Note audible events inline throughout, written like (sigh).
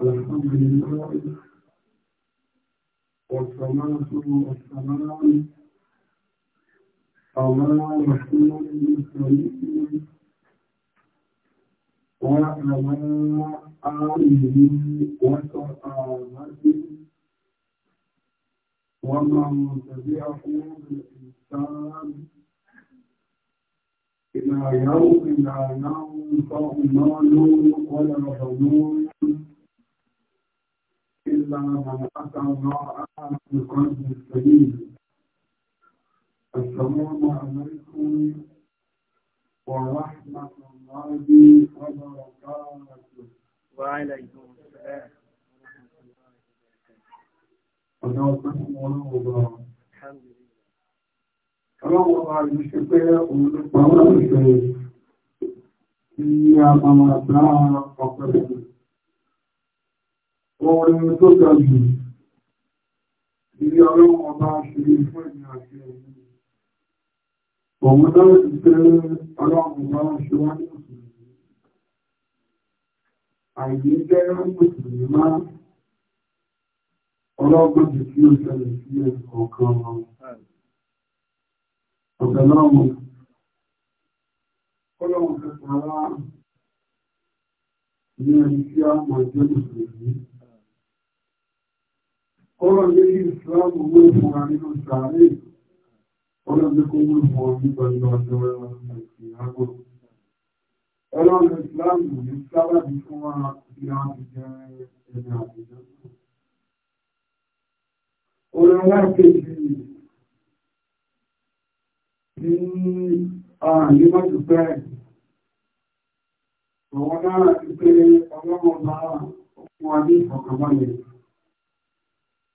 الحمد لله والصلاة والسلام على رسول الكريم وعلى آله وصحابته ومن تبعه بالإحسان إلى يوم لا ينفع مال ولا بنون إلا ما أتى الله بقلب سليم السلام عليكم ورحمة الله وبركاته وعليكم السلام ورحمة الله وبركاته ونوقفهم ونوضع الحمد لله ọlọ́wọ́ bá rí ṣe pé òun ló pa wọ́n ṣe kí a máa dá ọpẹ́ fún orin tó ga ilé ọlọ́run ọba ṣeré fún ẹ̀mí àti ẹ̀mí òun náà ti pé ọlọ́run ọba ṣe wá ní òṣèlú àìyé jẹ́ òṣèlú máa ọlọ́gbọ́n ti fi ó ṣẹlẹ̀ sí ẹ̀kọ́ kan wọn ọ̀gá lọ́run ọlọ́run fẹ́ pàrọ̀ ní ẹni tí a mọ̀ ẹgbẹ́ òṣèlú ọ̀rọ̀ lórí ìsìláàmù owó fún wa nínú sàárè ọlọ́run ló kó owó fún wa nípa ìlú ọjọ́ ìyàgbọ́ ọlọ́run ìsìláàmù ní sábàbí fún wa bí wọ́n ti jẹ́ ẹni àtijọ́ orin wá kejì ní ààrin mọ́tò bẹ́ẹ̀ àwọn náà ti pé ọlọ́run bá wọn ní ìfọ̀kànbalẹ̀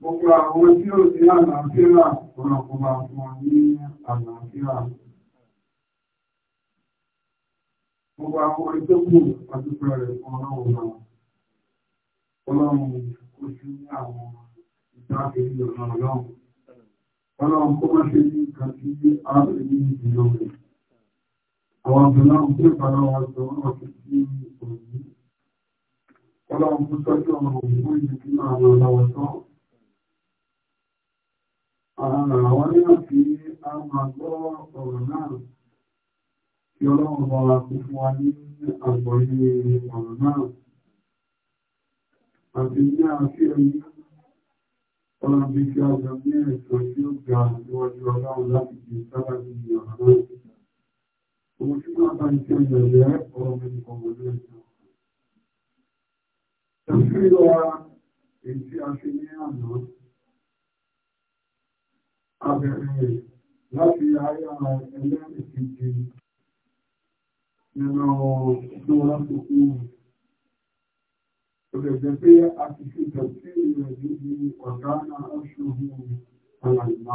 Gbogbo àwọn tí ó ti àlàáfíà ọ̀nàkùnmà fún ní àlàáfíà. Gbogbo àwọn ìtẹ́kù àtúkọ̀ rẹ̀ fún ọlọ́run náà. Ọlọ́run kò sí àwọn ìdákejì ọ̀nà ọlọ́run. Ọlọ́run kó má ṣe ní nǹkan tí a lè ní ìdílé rẹ̀. Àwọn àbúrò náà kó ìpàdé wọn sọ ọ̀sẹ̀ sí òní. Ọlọ́run kó sọ́jọ́ ọ̀nà òun fún ìdílé àwọn ọlọ́wọ́ sọ́ọ̀. kí a máa gbọ́ ọ̀rọ̀ náà kí ọlọ́run bá wa kó fún wa ní àgbọ́yé ọ̀rọ̀ náà àti ní àfihàn yìí ọlọ́run bí kí a gbà ní ẹ̀sọ́ tí ó ga níwájú ọlọ́run láti di sábà ní ọ̀rọ̀ náà òun tí wọ́n bá ń ṣe ìrẹ̀lẹ̀ ọ̀rọ̀ mẹ́rin kọ̀ọ̀mọ̀ náà Ìfíra èyí tí abẹ̀rẹ̀ láti ayá ẹlẹ́rìnkejì nínú tó láti kú ọ̀gẹ̀gẹ̀ pé a ti fi tẹ̀sí rẹ̀ níbi ọ̀dánà ọ̀ṣọ́hún alàìmá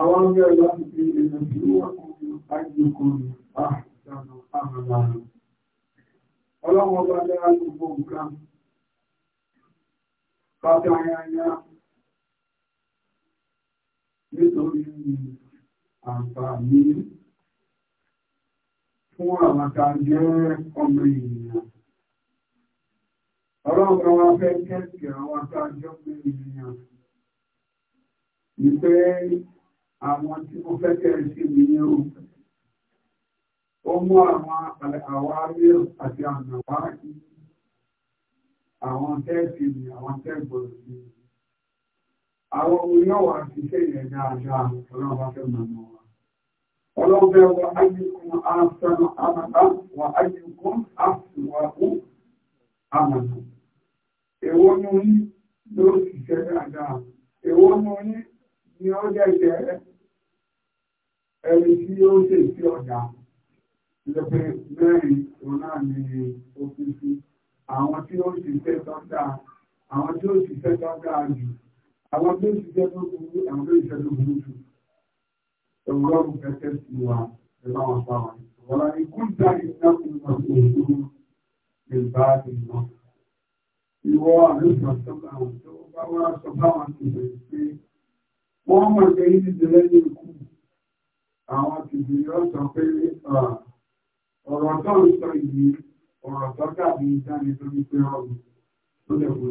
àwọn ọ̀gẹ̀ láti fi ẹ̀nà tí ó wà kún ajíkùnrin àìsànà àmàlànà ọlọ́wọ́ bá dára gbogbo nǹkan pátá ayáyá nítorí àǹfààní fún àwọn ta jẹ́ ọmọ ènìyàn. Ọlọ́run kan wá fẹ́ kẹ́kẹ́ àwọn ta jẹ́ ọmọ ènìyàn. Ní pé àwọn tí mo fẹ́ kẹ́ sí mi ní o. Ó mú àwọn àwárí àti ànàwárí àwọn tẹ́ẹ̀sì ni àwọn tẹ́ẹ̀gbọ̀n sí mi àwọn orí ọwà àtìṣẹ́ ìrẹ̀ dáadáa ọlọ́run bá fẹ́ mọ̀mọ́ wa ọlọ́run bẹ́ wọ ayíkún àṣàmà àmàlà wà ayíkún àṣùwàkú àmàlà èwo nu yín ló ṣiṣẹ́ dáadáa èwo nu yín ni ó dẹ̀jẹ̀ ẹni tí ó ṣe sí ọ̀dà lẹ́pẹ́ mẹ́rin òun náà ni ó fi sí àwọn tí ó ṣiṣẹ́ tọ́jà àwọn tí ó ṣiṣẹ́ tọ́jà jù àwọn tó ń ṣiṣẹ́ tó kú ní àwọn tó ń ṣiṣẹ́ tó kú jù ọlọ́run kẹ́kẹ́ sí wa ẹ̀rọ àwọn ọ̀pá wa wọ́n láti kún dárí sáfún ọ̀pọ̀ òṣèlú lè bá ìmọ̀ ìwọ àlùfà sọ́kà àwọn tó bá wá sọ báwọn ti bẹ̀rẹ̀ pé wọ́n mọ̀ pé yìí ti lẹ́yìn ikú àwọn ti bẹ̀rẹ̀ ọ̀sọ̀ pé ọ̀rọ̀ tó ń sọ yìí tó ní pé ọ̀rọ̀ tó lè wò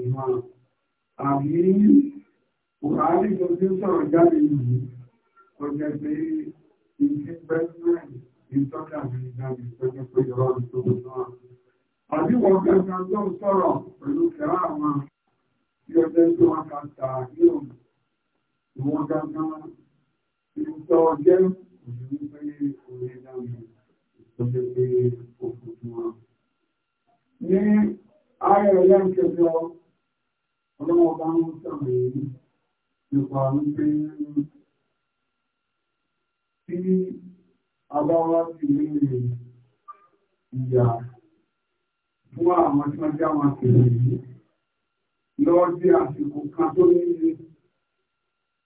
àbí Buhari tó ti sọ̀rọ̀ jáde yìí, ó jẹ́ pé iṣẹ́ pẹ́sìmẹ́rin ìtọ́jà mi jáde pẹ́jẹ́ pé ìrọ̀ tó tó náà. Àbí wọ́n kẹta tó ń sọ̀rọ̀ pẹ̀lú kẹrà àwọn tí ó jẹ́ tó wọ́n ká ta yóò wọ́n dáná ìtọ́ jẹ́ òṣèlú pé orí dáná tó jẹ́ pé òkú tó wọ́n. Ní bá ń sọ̀rọ̀ yìí nípa wípé tí a bá wá sí nílé ìyà fún àwọn tí wọ́n jẹ́ àwọn àkèrè yìí lọ́wọ́ sí àsìkò kan tó nílé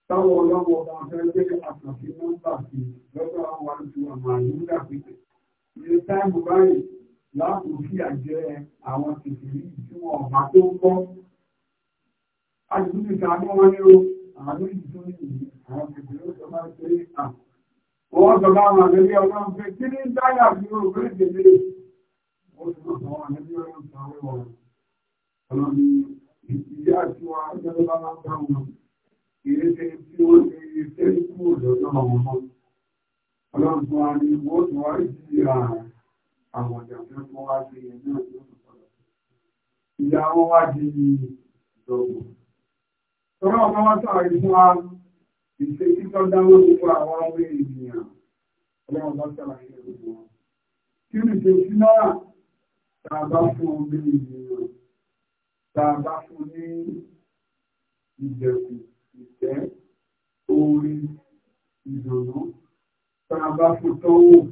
táwọn ọlọ́wọ́ ọba fẹ́ gbé àkànṣe nọ́mbà sí lọ́dọ̀ àwọn àlùfẹ́ àmà yìí dàbí iye táìmù báyìí láàbò kí àjẹ àwọn kèfèrí tí wọn ọba tó ń kọ́ àdìgún nìkan ni wọ́n ní o àárín ìtúrí àwọn ìgbèrè tó máa ṣe à. Wọ́n sọ bá wọn àlẹ́bí ọlọ́run pé kí ní dáyà bí ó rí ìdílé. Ó sì mọ̀ sọ wọn àlẹ́bí ọlọ́run sọ wí wọn. Ọlọ́run ni ìyá àti wa jẹ́ bá máa ń bá wọn. Kìí ṣe tí wọ́n ti ṣe é kú lọ́dọ̀ àwọn ọmọ. Ọlọ́run tó wá ní wọ́n tó wá ìdí àwọn ìjàmbá tó wá sí ẹ̀ náà tó sọ̀rọ̀. Ìyá wọn wá di ìjọba. Tọ́lá ọmọ wá sáré fún wa, ìṣe títọ́ dáwọ́ gbogbo àwọn ọmọ ènìyàn, ọlọ́run bá sàlàyé gbogbo wọn. Kí ni ṣe sí náà? Tá a bá fún ọmọ ènìyàn, tá a bá fún ní ìjẹ̀kù, ìtẹ́, orí, ìdùnnú, tá a bá fún tọ́wọ́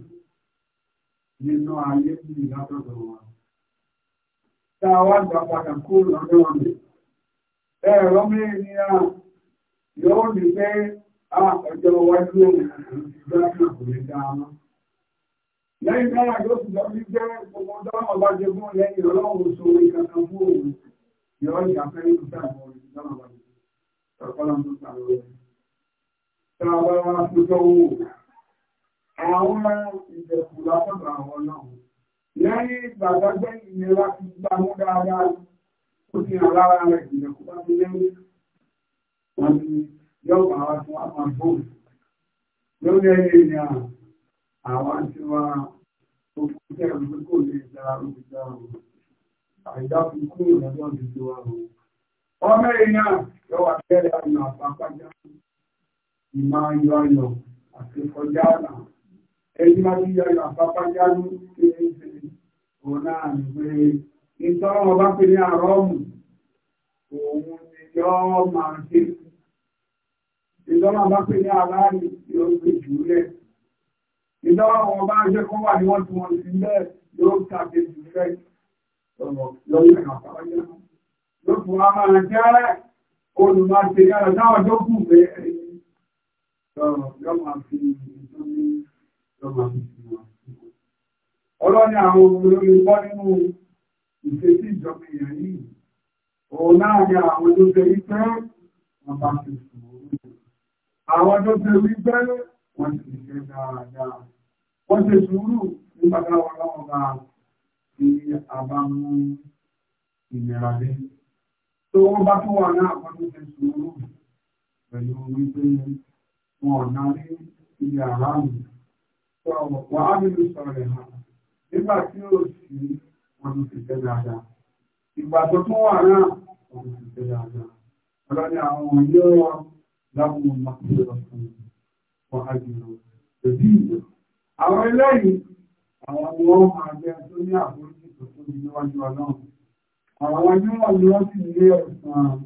nínú ayé ìlàtọ̀dọ̀ wa. Tá a wá gbà padà kó lọ́dọ̀ rẹ̀ ẹ̀rọ mẹ́rìnà yóò ní pé ọjọ́ wájú lẹ́yìn náà yóò sì lọ ní jẹ́ gbogbo dáwọn ọba jẹgún lẹ́yìn ọlọ́run so ìkàkà fún òun yóò ní afẹ́ nínú sáàmù orin dáwọn ọba jẹgún ọ̀pọ̀lọ́ tó sàrò rẹ̀ tá a bá wá fún tọ́wọ́ àwọn ìjẹ̀kù látọ̀dọ̀ àwọn náà lẹ́yìn ìgbàgbẹ́gbẹ́ ìnira ti gbàmú dáadáa ó ti hàn lára rẹ̀ ìjìnlẹ̀ kó bá ti lẹ́yìn wọn ni yóò bá wa fún àwọn àbóòlù lórí ẹ̀yẹ ni àwọn tí wá ogun jẹ́ ìlú kò lè dára lórí dára àìdákun kúrò lọ́jọ́ ìdíje wa rò ọmọ èèyàn yóò wá bẹ̀rẹ̀ àyàn àpapájá ìmọ̀ ayọ̀ ayọ̀ àti kọjá àlà ẹni máa ń yọ àpapájá ní kéèké òun náà ń ìtọ́rọmọ bá pè ní àrọ́mù òun ni yọ́ máa ń ṣe ìtọ́rọmọ bá pè ní aláàrí yóò gbé jùlẹ̀ ìtọ́rọmọ bá jẹ́ kó wà ní wọ́n tí wọ́n ti lẹ́ yóò tàbí jùlẹ̀ lọ́yẹ̀ àpáwájá yóò fún wa máa jẹ́ olùmọ̀ṣe yára táwọn tó kù pé ẹ̀yìn yọ́ máa fi ọlọ́ni àwọn olórí nínú ìṣe sí ìjọba èèyàn yìí òun láàrin àwọn tó ṣe wípé wọ́n bá ti sùúrù àwọn tó ṣe wípé wọ́n ti ṣe dáadáa wọ́n ṣe sùúrù nípa táwọn ọlọ́wọ́ bá ti àbámú ìlera dé tó wọ́n bá tó wà náà wọ́n tó ṣe sùúrù pẹ̀lú wípé wọn ò náà rí ilé àrámù wọ́n á nílùú sọ̀rọ̀ ẹ̀ hàn nígbà tí ó sì wọ́n ti fẹ́ dáadáa. Ìgbà tó tún wà náà, wọ́n ti fẹ́ dáadáa. Ọlọ́ni àwọn òye wọn láwọn ọmọ ìlú ọ̀sán wọn á jù lọ. Àwọn eléyìí, àwọn ni wọ́n máa jẹ tó ní àforíjì tó tóbi níwájú ọlọ́run. Àwọn ojú wọn ni wọ́n sì ní ìwájú ọlọ́run.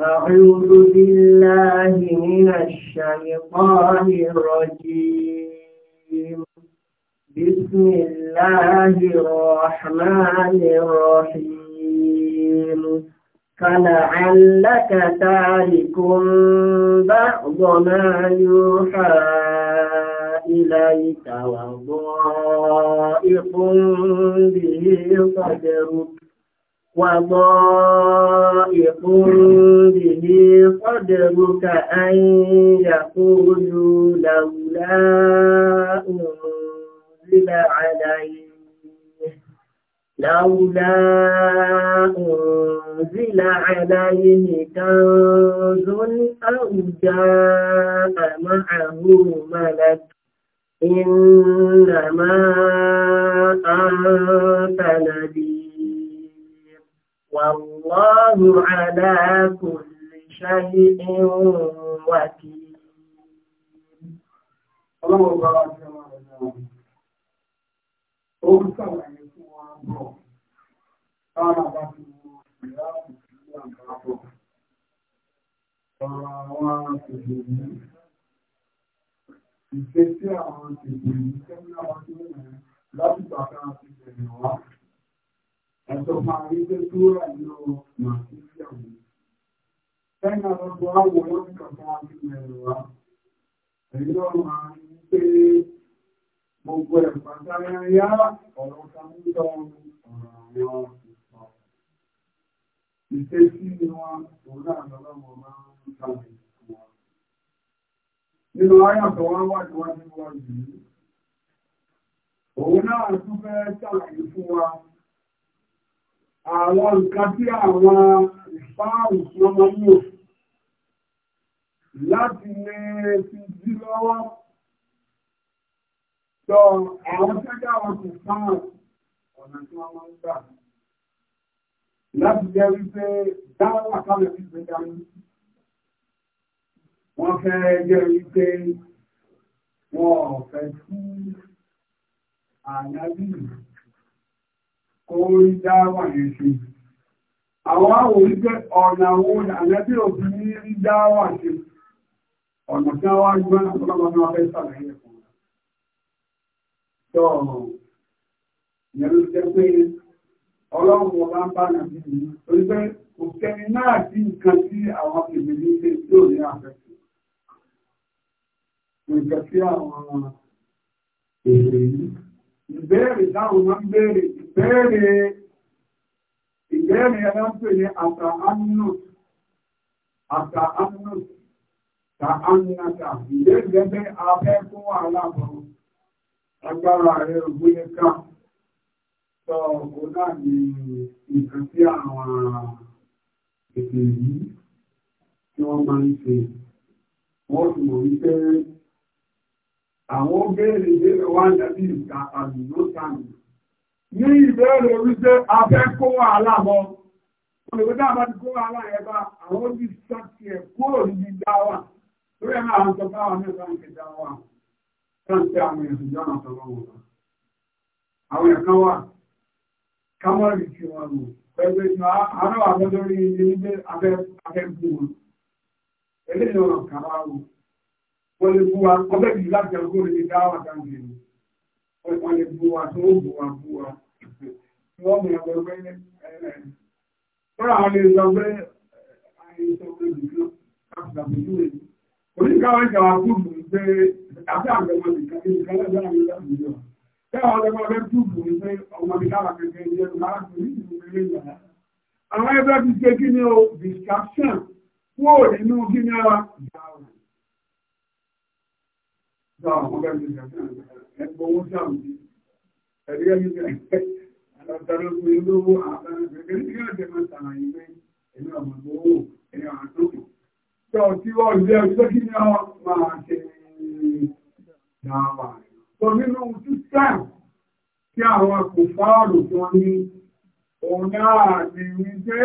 أعوذ بالله من الشيطان الرجيم بسم الله الرحمن الرحيم فلعلك تارك بعض ما يوحى إليك وضائق به صدرك وضائق به صدرك أن يقولوا لولا أنزل عليه لولا أنزل عليه كنز أو جاء معه ملك إنما أنت نذير والله على كل شيء وكيل Ọlọ́run bá wá ti mú láti bàbá àti ìrìn wá ẹ̀tọ́ máa rí pé tó rà nínú nàìjíríà mi. Lẹ́yìn àwọn olóòkà fún wa sí ẹ̀rọ wa, èyí náà máa ń pé gbogbo ẹ̀fà sáyáyá ọ̀rọ̀ kan ń tọ́ ọ̀rọ̀ àwọn ìfọ̀. Ìṣesí ni wọn òun náà lọ́wọ́ máa ń sàlẹ̀ fún Nínú ayàtọ̀ wọn wà níwájú wa yìí, òun náà tún fẹ́ sàlàyé fún wa àwọn nǹkan tí àwọn ìfáàrù tí wọ́n máa ń lò láti lè fi dí lọ́wọ́ sọ àwọn tẹ́jà wọn kò fáàrù ọ̀nà tí wọ́n máa ń gbà láti jẹ́ wípé dáwà kálẹ̀ wípé dání wọ́n fẹ́ jẹ́ wípé wọ́n fẹ́ sí àyájú ìlú orí dáwà yẹn sí àwọn àwò wípé ọ̀nà òun àlẹ́bí òfin ní rí dáwà sí ọ̀nà tí wọ́n gbá ọlọ́mọdé wọn fẹ́ sàlàyé fún un tó yẹn ló jẹ́ pé ọlọ́run ọba ń bá nàbí yìí torí pé kò kẹni náà sí nǹkan tí àwọn kèmí ní ilé tí ò ní àfẹ́sì nǹkan tí àwọn èrè yìí ìbéèrè táwọn máa ń béèrè ìbẹ̀rẹ̀ ìbẹ̀rẹ̀ ń pè ní àtà annus àtà annus ta annata ìdẹ́gbẹ̀gbẹ̀ abẹ́ fún aláàbọ̀ agbára rẹ̀ ògbóyẹ e ká sọ ọ̀gbọ́n náà ní nǹkan sí àwọn ètò yìí tí wọ́n máa ń wọ́n mọ̀ wípé àwọn ní ìbẹ̀rẹ̀ wípé abẹ́ kó wàhálà mọ́ olùgbẹ́dá bá ti kó wàhálà yẹn bá àwọn ti sọ́ọ̀tì ẹ̀ kúrò níbi dáwà lórí ẹ̀rọ àwọn sọ fáwọn mẹ́ta ń fi dáwà sáǹtì àwọn èèyàn ìjọ náà sọ̀rọ̀ wọn lọ. àwọn ẹ̀kan wà kámọ́rì tí wọ́n lò pẹ̀lú ìjọ àárọ̀ àwọn lórí ilé ilé abẹ́ bú wọn. eléyìí ọ̀rọ̀ kàwá wò wọ́n lè bú wa ọbẹ̀ yìí láti ẹ̀kọ́ níbi dáwà dáńgẹ̀ẹ́ wọ́n lè bú wa tó ó bú wa bú wa wọ́n mú ọgbẹ́ pé ẹ̀ẹ́dẹ̀ẹ́dẹ́ wọ́n lè sọ pé àìsọ pé nìkan àgbàgbé lóye oníkàwọn ìjà wa kúrò ní pé àti àgbẹ̀mọ nìkan ní nìkan lẹ́gbẹ́ àwọn ìjà ìjọ tẹ́wọ̀n ọlọ́gbọ́n fẹ́ túbù ní pé ọmọ mi lára kẹ̀kẹ́ ní ẹnu máa kò ní ìlú ilé ìyàrá àwọn ẹgbẹ́ ti ṣe kí ni o distraction kúrò nínú kí ni ara ìjà ọ̀rọ̀ ẹgbọ́ owó sàmì ẹ̀rí ẹ̀yí rẹ̀ alọ́tàrí ogun olówó àtàrí ẹgbẹ́ ní ọ̀dẹ̀ máa tààrà ìwé ẹ̀mí ọmọ owó ẹ̀yà àtòkù tó tí wọ́n ilé ọjọ́ kí ni wọ́n máa ṣe dáwà tó nínú sísẹ́m tí àwọn kò fáàrù tí wọ́n ní òun náà ní wípé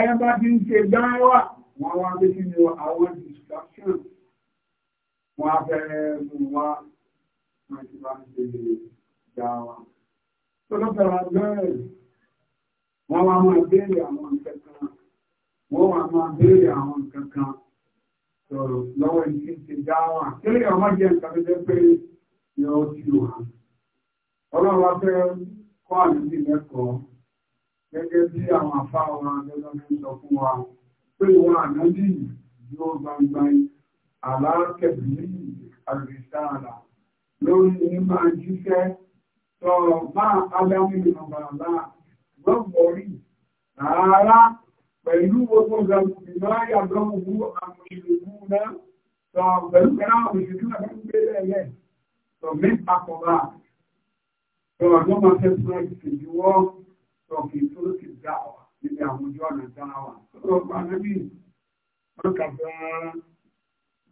ẹ bá ti ń ṣe dáwà wọ́n wọ́n á fẹ́ mú wa wọ́n ti bá ń ṣe ìjà wa. Tó lọ́pẹ̀lá bẹ́ẹ̀ wọ́n wá máa béèrè àwọn nǹkan kan wọ́n wá máa béèrè àwọn nǹkan kan sọ̀rọ̀ lọ́wọ́ ìṣe ti dá wa. Kílẹ̀ ọmọ jẹ́ nǹkan tó jẹ́ pé yóò ti wà. Ọlọ́run wá fẹ́ kọ́ àdúgbò lórí ní máa jíṣẹ́ tọ máa ádámù ìrànbàlá gbọ́gbọ̀rí rárá pẹ̀lú gbogbo ìgbàlá gbọ́gbù àwọn ìlú náà tọ pẹ̀lú pẹ̀lú àwọn ìṣẹ́jú náà fún gbélé ẹ̀yẹ tọ mẹ́ta kọ̀ọ̀lá tọ àjọ máa fẹ́ fún ìṣèjú wọ́n tọ kì í tó ti dá wà níbi àwọn ojú ọ̀nà dára wà. Ó lọ pa níbi rárá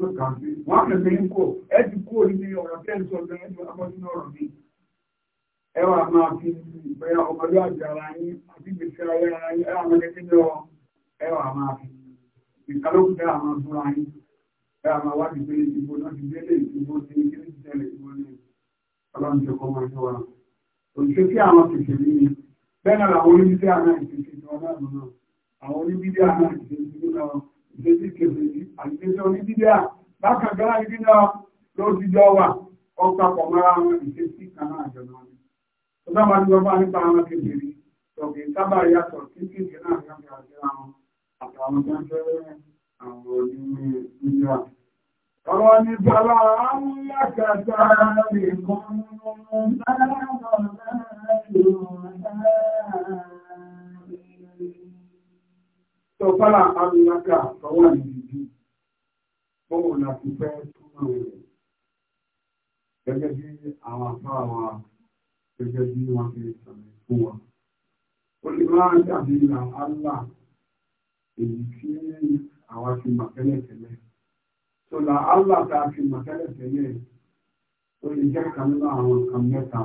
ló kà á sí wọn àfẹsẹ̀ ń kó ẹ ti kó ní ọ̀rọ̀ tẹ́ ń sọ lẹ́yìn ẹjọ́ abọ́sínú ọ̀rọ̀ mi ẹ wà máa fi bẹ́ẹ̀ ọmọdé àti ara yín àti gbèsè ayé ara yín ẹ wà máa kékeré ọ ẹ wà máa fi ìkálókù ẹ wà máa búra yín pé ìbò náà ti délé ìbò ti ní kí ìbò ní ọlọ́run tó kọ́ máa wa òṣìṣẹ́ àwọn kèfèrí ni bẹ́ẹ̀ náà làwọn oníbídé àná ìṣèṣe ìjọba náà lọ́nà àwọn oníbídé àná ìṣèṣe ìjọba ike ìdésí kèfèrí àti ìdésí onídídíà bákan gbọ́dọ̀ ní kíni ló ti jọ wà ó papọ̀ mọ́ra wọn ìdésí kan náà jọ náà ni. tó bá máa tó fara amúnáka tó wà níbi bóun la ti fẹ́ túmọ̀ rẹ̀ gẹ́gẹ́ bí àwọn afá wa gẹ́gẹ́ bí wọ́n fi sàmì fún wa. ó lè máa dàbí ìlà Allah èyí tí àwa ti mọ̀ tẹ́lẹ̀tẹ́lẹ̀. sọlá Allah tá a fi mọ̀ tẹ́lẹ̀tẹ́lẹ̀ ó lè jẹ́ kan nínú àwọn nǹkan mẹ́ta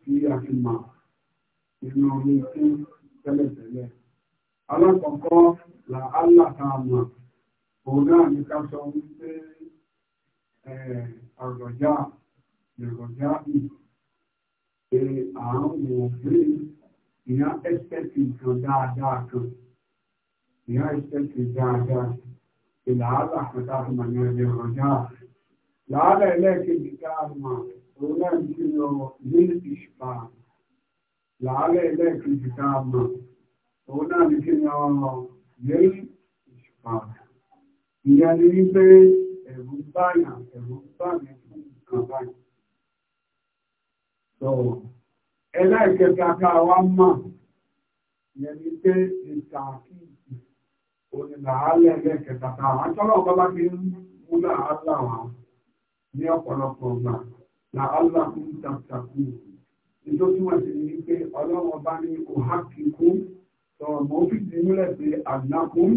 tí a fi mọ̀ nínú ilé tí tẹ́lẹ̀tẹ́lẹ̀ alákọ̀ọ́kọ́ là álàkàmà òun náà ní ká sọ wípé àrọ̀já ìrọ̀já yìí pé àrùn òfin ìyá ẹ́sẹ̀tì kan dáadáa kan ìyá ẹ́sẹ̀tì dáadáa ìlàálà kan tá a fi màá ìrọ̀já làálà ẹlẹ́ẹ̀kejì tá a mọ̀ ní ìṣùpá làálà ẹlẹ́ẹ̀kejì tá òun náà ní kí ni ọ̀rọ̀ lẹ́yìn ìṣùpá ìyá ni wípé ẹ̀rù báyà ẹ̀rù báyà fún nǹkan báyà so ẹlẹ́ẹ̀kẹta ká wá mọ̀ ìyẹn ni pé ìtàkì onílàálẹ̀ ẹlẹ́ẹ̀kẹta ká wá tọ́lọ́ ọ̀gá bá fi ń mú làálà wá ní ọ̀pọ̀lọpọ̀ ọgbà làálà ń tàkùn nítorí wọ́n ti ní pé ọlọ́wọ́ bá ní kò sọ̀rọ̀ mọ́ fi ti múlẹ̀ pé àdínákún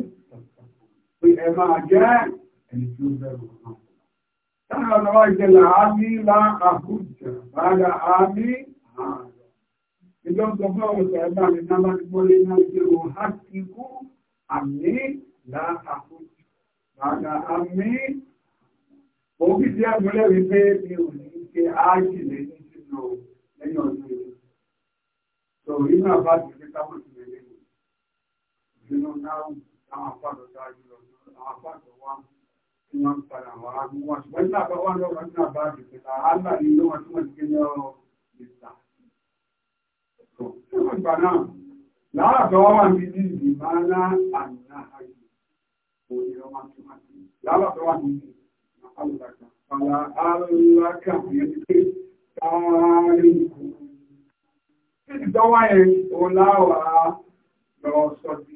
pé ẹ máa jẹ́ ẹni tí ó bẹ̀rù náà. Táwọn ọ̀nà ìjẹ́ làábí láàkújẹ̀ bára àábí ààrẹ. Ìjọ́sọ fún ọ̀rọ̀ sọ̀rọ̀ bá mi náà bá ti mọ́lé náà jẹ́ o há ti kú àmì láàkújẹ̀ bára àmì. Mo fi ti àmúlẹ̀ wípé mi ò ṣe áàjì lẹ́yìn sínú lẹ́yìn náà bá ti nínú náírà àwọn àpàdé ṣáájú lọ àwọn àpàdé wa tí wọ́n ń padà wá mú wọn ṣùgbọ́n nígbà tó wà lọ́wọ́ ní àbá àdìpẹ́ ta àgbà ní ilé wọn tí wọ́n ti gé ní ọ̀rọ̀ ìta. Ṣé wọ́n gbà náà? Lára tó wà ní ní ìmọ̀lá àná àyè òní ọmọ tó wà ní. Lára tó wà ní àlùbàkà. Fàlà àlùbàkà yẹn ti pé káàárín ìkú. Títí tọ́wá yẹn, òun láwàá lọ sọ di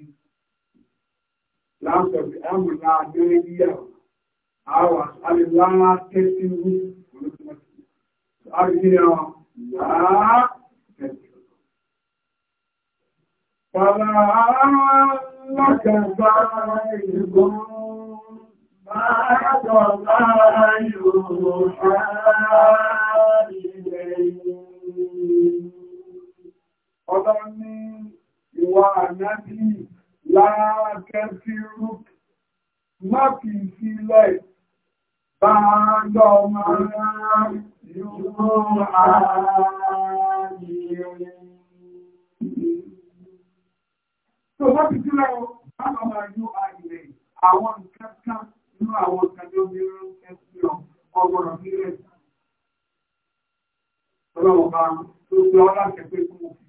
láǹtọ̀bì ẹ̀mùlá adéríyàwó àwọn alìlára tẹ́sí rú olóṣèlú àríyàn láà tẹ́sí rú. Fàlà alákẹ̀ẹ́gbà ìgbọ́n máa dọ̀lá yóò Ọlọ́run ni ìwà ànábì láàkẹ́ sí rúk má fi sílẹ̀ bá lọ máa yóò ààyè tó bá fi sílẹ̀ o bá lọ máa yóò ààyè àwọn nǹkan kan nínú àwọn nǹkan tó bí ránṣẹ́ sí ọ ọgbọ̀nà sílẹ̀ ọlọ́wọ́ bá tó gbé ọ láti ẹgbẹ́ fún òfin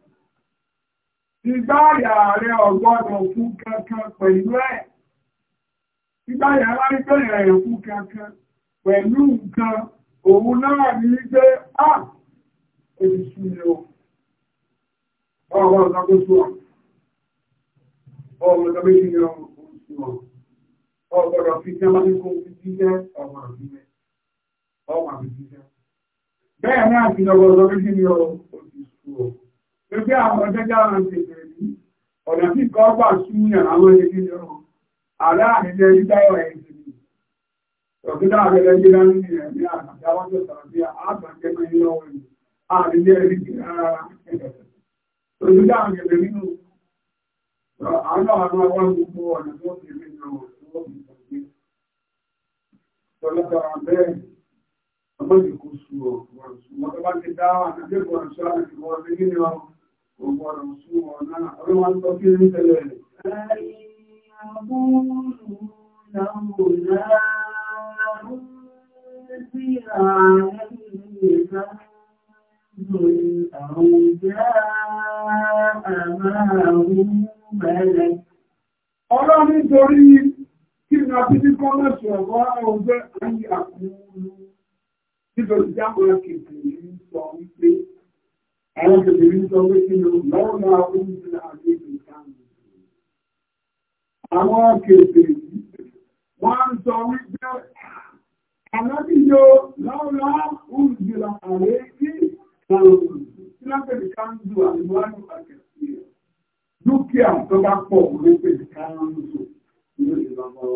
Ìgbáyà rẹ ọ̀gbọ́dọ̀ fún kankan pẹ̀lú ẹ̀. Ìgbáyà alárígbẹ̀rẹ̀ rẹ̀ fún kankan pẹ̀lú nǹkan òun náà ní gbé á èsì o. Ọ̀rọ̀ ọ̀sàkóso ọ̀rọ̀ ọ̀sàkóso ọ̀rọ̀ ọ̀gbọ̀dọ̀ fi jẹ́ máa ń kó fi jíjẹ́ ọ̀gbọ̀dọ̀ fi jẹ́ ọ̀gbọ̀dọ̀ fi jíjẹ́. Bẹ́ẹ̀ náà fi lọ́gbọ̀dọ̀ fi jíjẹ́ ọ̀rọ̀ òṣìṣú ọ̀rọ̀. Gbogbo àwọn ọjọ́jọ́ àwọn ìṣẹ̀lẹ̀ yìí, ọ̀nà tí kọ́ gbà súnyàn àwọn ìṣẹ̀lẹ̀ ọ̀rọ̀. Aláàrẹ̀lẹ̀ ìdáyọ̀ ẹ̀sìn. Ọ̀gbẹ́dá àrẹ̀lẹ̀ ìdáyọ̀ ní àgbàjáwọ́ tó sọ̀rọ̀ bí àgbàjẹ́ mẹ́ ìlọ́wọ́ ìlú. Àrẹ̀lẹ̀ ìdáyọ̀ rárá. Ọ̀gbẹ́dá àrẹ̀lẹ̀ nínú àwọn àwọn àwọn gbogbo ọ̀nà tó ti rí nínú ọ̀rọ̀ ọmọdé kò sùn ọ̀ wọ́n tó bá ti dá àwọn àjẹ́kọ̀ọ́ ìṣọ́ àti ìwọ̀n ní nínú ọ̀rọ̀ ọgbọ̀rọ̀ sí wọn náà ọlọ́wọ́n tó kí ní tẹ́lẹ̀ rẹ̀. Ọlọ́run nítorí kí ni a ti ní kọ́mọ̀sì ọ̀gọ́ ọgbẹ́ ayé àkúrú nítorí jámọ́ kìkìrì ń sọ wípé àwọn kèbèrè ń sọ pé kí ni lọ́wọ́ máa kú ní ìlà àgbègbè káàmù àwọn kèbèrè wọ́n ń sọ wípé àlábí yóò lọ́wọ́ kú ní ìlà àgbègbè káàmù kí lápẹ̀lẹ̀ káàmù àlùwárí pàtàkì dúkìá tó bá pọ̀ lópẹ̀lẹ̀ káàmù ní ìlà àgbègbè káàmù.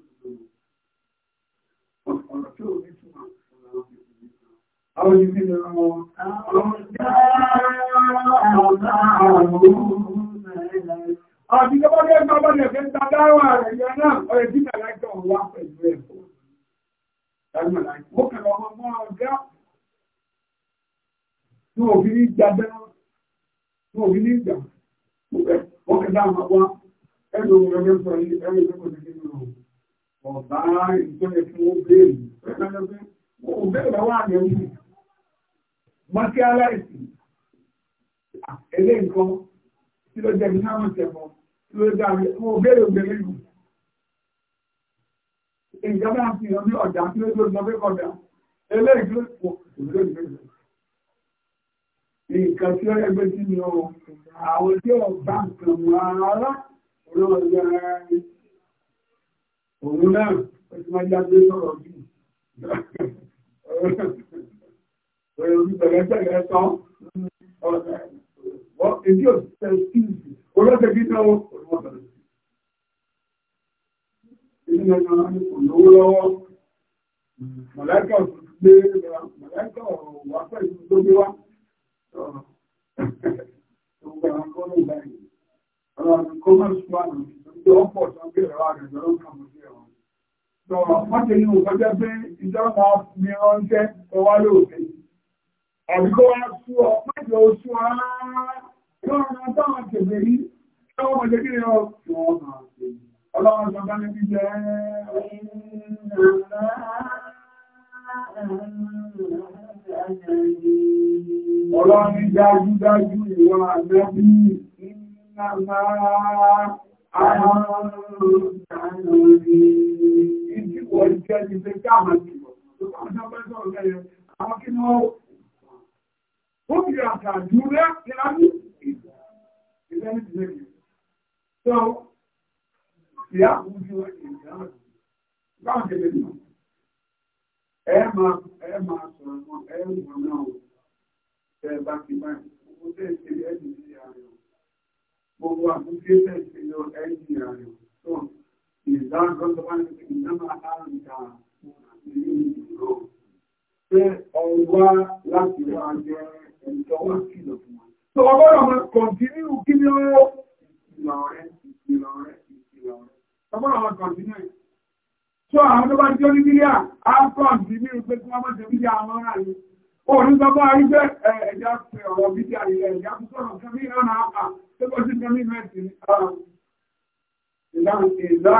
ọ̀rọ̀ tí ò ní túmọ̀ àwọn ibi ni wọn àti tó bá fẹ́ gbá bọ́lẹ̀ fẹ́ ta dáwà rẹ̀ yẹn náà ọ̀rẹ́ tí kàlá jọ wá pẹ̀lú ẹ̀ mo kàn lọ́mọ mọ́ ọ̀gá tí òfin ní gbàgbẹ́ tí òfin ní gbà mo kàn dáhùn ọgbà ẹnu ọgbà ẹgbẹ́ sọ̀rọ̀ ẹgbẹ́ sọ̀rọ̀ ọ̀bá ìtọ́lẹ̀ fún ó béèrè ẹgbẹ́ ó béèrè lọ́wọ́ àmì ojú mọ́kí aláìsí ẹlé nǹkan tí ló jẹ́ ìgbìyàn àwọn ìṣẹ̀fọ́ tí ló dá rẹ̀ ó béèrè obìnrin nù ìjọba fi hàn ní ọjà tí ó tó lọ pé kọjá ẹlé ìjọba nǹkan tí ó yẹgbẹ́ sí ni ọ̀rọ̀ àwọn tí ó bá nǹkan mọ́ ara olóòrùn òun náà ó ti máa jáde sọ̀rọ̀ jù ọ̀rọ̀ orí pẹ̀lẹ́pẹ̀lẹ́ tán ọ̀rọ̀ èdè òṣìṣẹ́ skills olóṣèlú bí náà olùwọ́ bẹ̀rẹ̀ sí. ilé ẹ̀ka kò lówó lọ́wọ́ mọ̀lẹ́kà gbé mọ̀lẹ́kà wà pẹ̀lú tó gbé wá. Gbogbo àwọn kọ́nù báyìí. Ọlọ́run kọ́mọ̀sí wà lórí ọ̀pọ̀ tó ń bèèrè wà rẹ̀ lọ́rùn kàmọ́. Mọ́tẹ̀ yìí ò kọjá pé ìjọba mi ránṣẹ́ tó wá lóòfẹ́. Àbíkọ́ wá sú ọ, mọ́tẹ̀ ó sú ọ rárá. Lọ́rọ̀ táwọn kèfè rí, táwọn mọ̀jẹ́ kí lọ sí wọn máa ṣe. Ọlọ́run sọ bá ní bí jẹ́ Ọlọ́run dájúdájú ìwọ̀n àgbẹ́bí ìnáà Ẹ̀mà ẹ̀mà sọ̀rọ̀ ẹ̀rùn náà ẹ̀bá ti báyìí, ó tẹ́ ìṣẹ̀lẹ̀ ẹ̀dùn gbogbo àkúkẹ́ tẹ̀sí lọ ẹ̀jì ààrẹ tó ìdájọ́jọ́bá ní ìdámà àrùntà ìlú ìlú pé ọwá láti wá jẹ́ ẹ̀jọ́ wá kìlọ̀ fún wa. tó ọgọ́rọ̀ máa kọ̀ntínú kí ni ó ìkìlọ̀ rẹ̀ ìkìlọ̀ rẹ̀ ìkìlọ̀ rẹ̀ ọgọ́rọ̀ máa kọ̀ntínú òní bàbá àrígbẹ́ ẹ̀yà ọ̀rọ̀ bídí àyẹ̀ ẹ̀yà sọ̀rọ̀ kẹ́mí rárá àpá tó kọ́ sí kẹ́mí mẹ́tì ìlànà ìlànà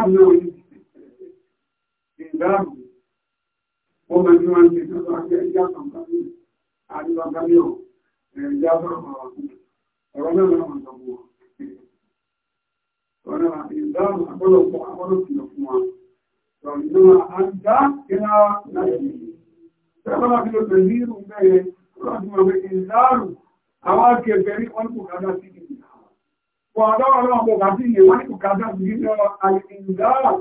ọmọ tí wọ́n ti tọ́tọ́ àti ẹ̀yà kọ̀ǹkàmí àdìbàkàmí ọ̀ ẹ̀yà sọ̀rọ̀ ọ̀rọ̀ náà lọ́wọ́ sọ̀rọ̀ ọ̀rọ̀ ìlànà àpọ̀lọpọ̀ àpọ̀lọpọ̀ fún wa Ìjọba fi lè pẹ̀lú ìrù mẹ́yẹ, ọlọ́dún mọ̀ pé ìzáàrù, àwọn akẹ́kẹ̀ẹ́ rí wọ́n kò kádá sí ìgbìyànjú. Wọ́n àdáwọ̀ ọlọ́wọ́ kò kádá sí ìyẹn, wọ́n kò kádá sí ìgbìyànjú àti ìzáàrù.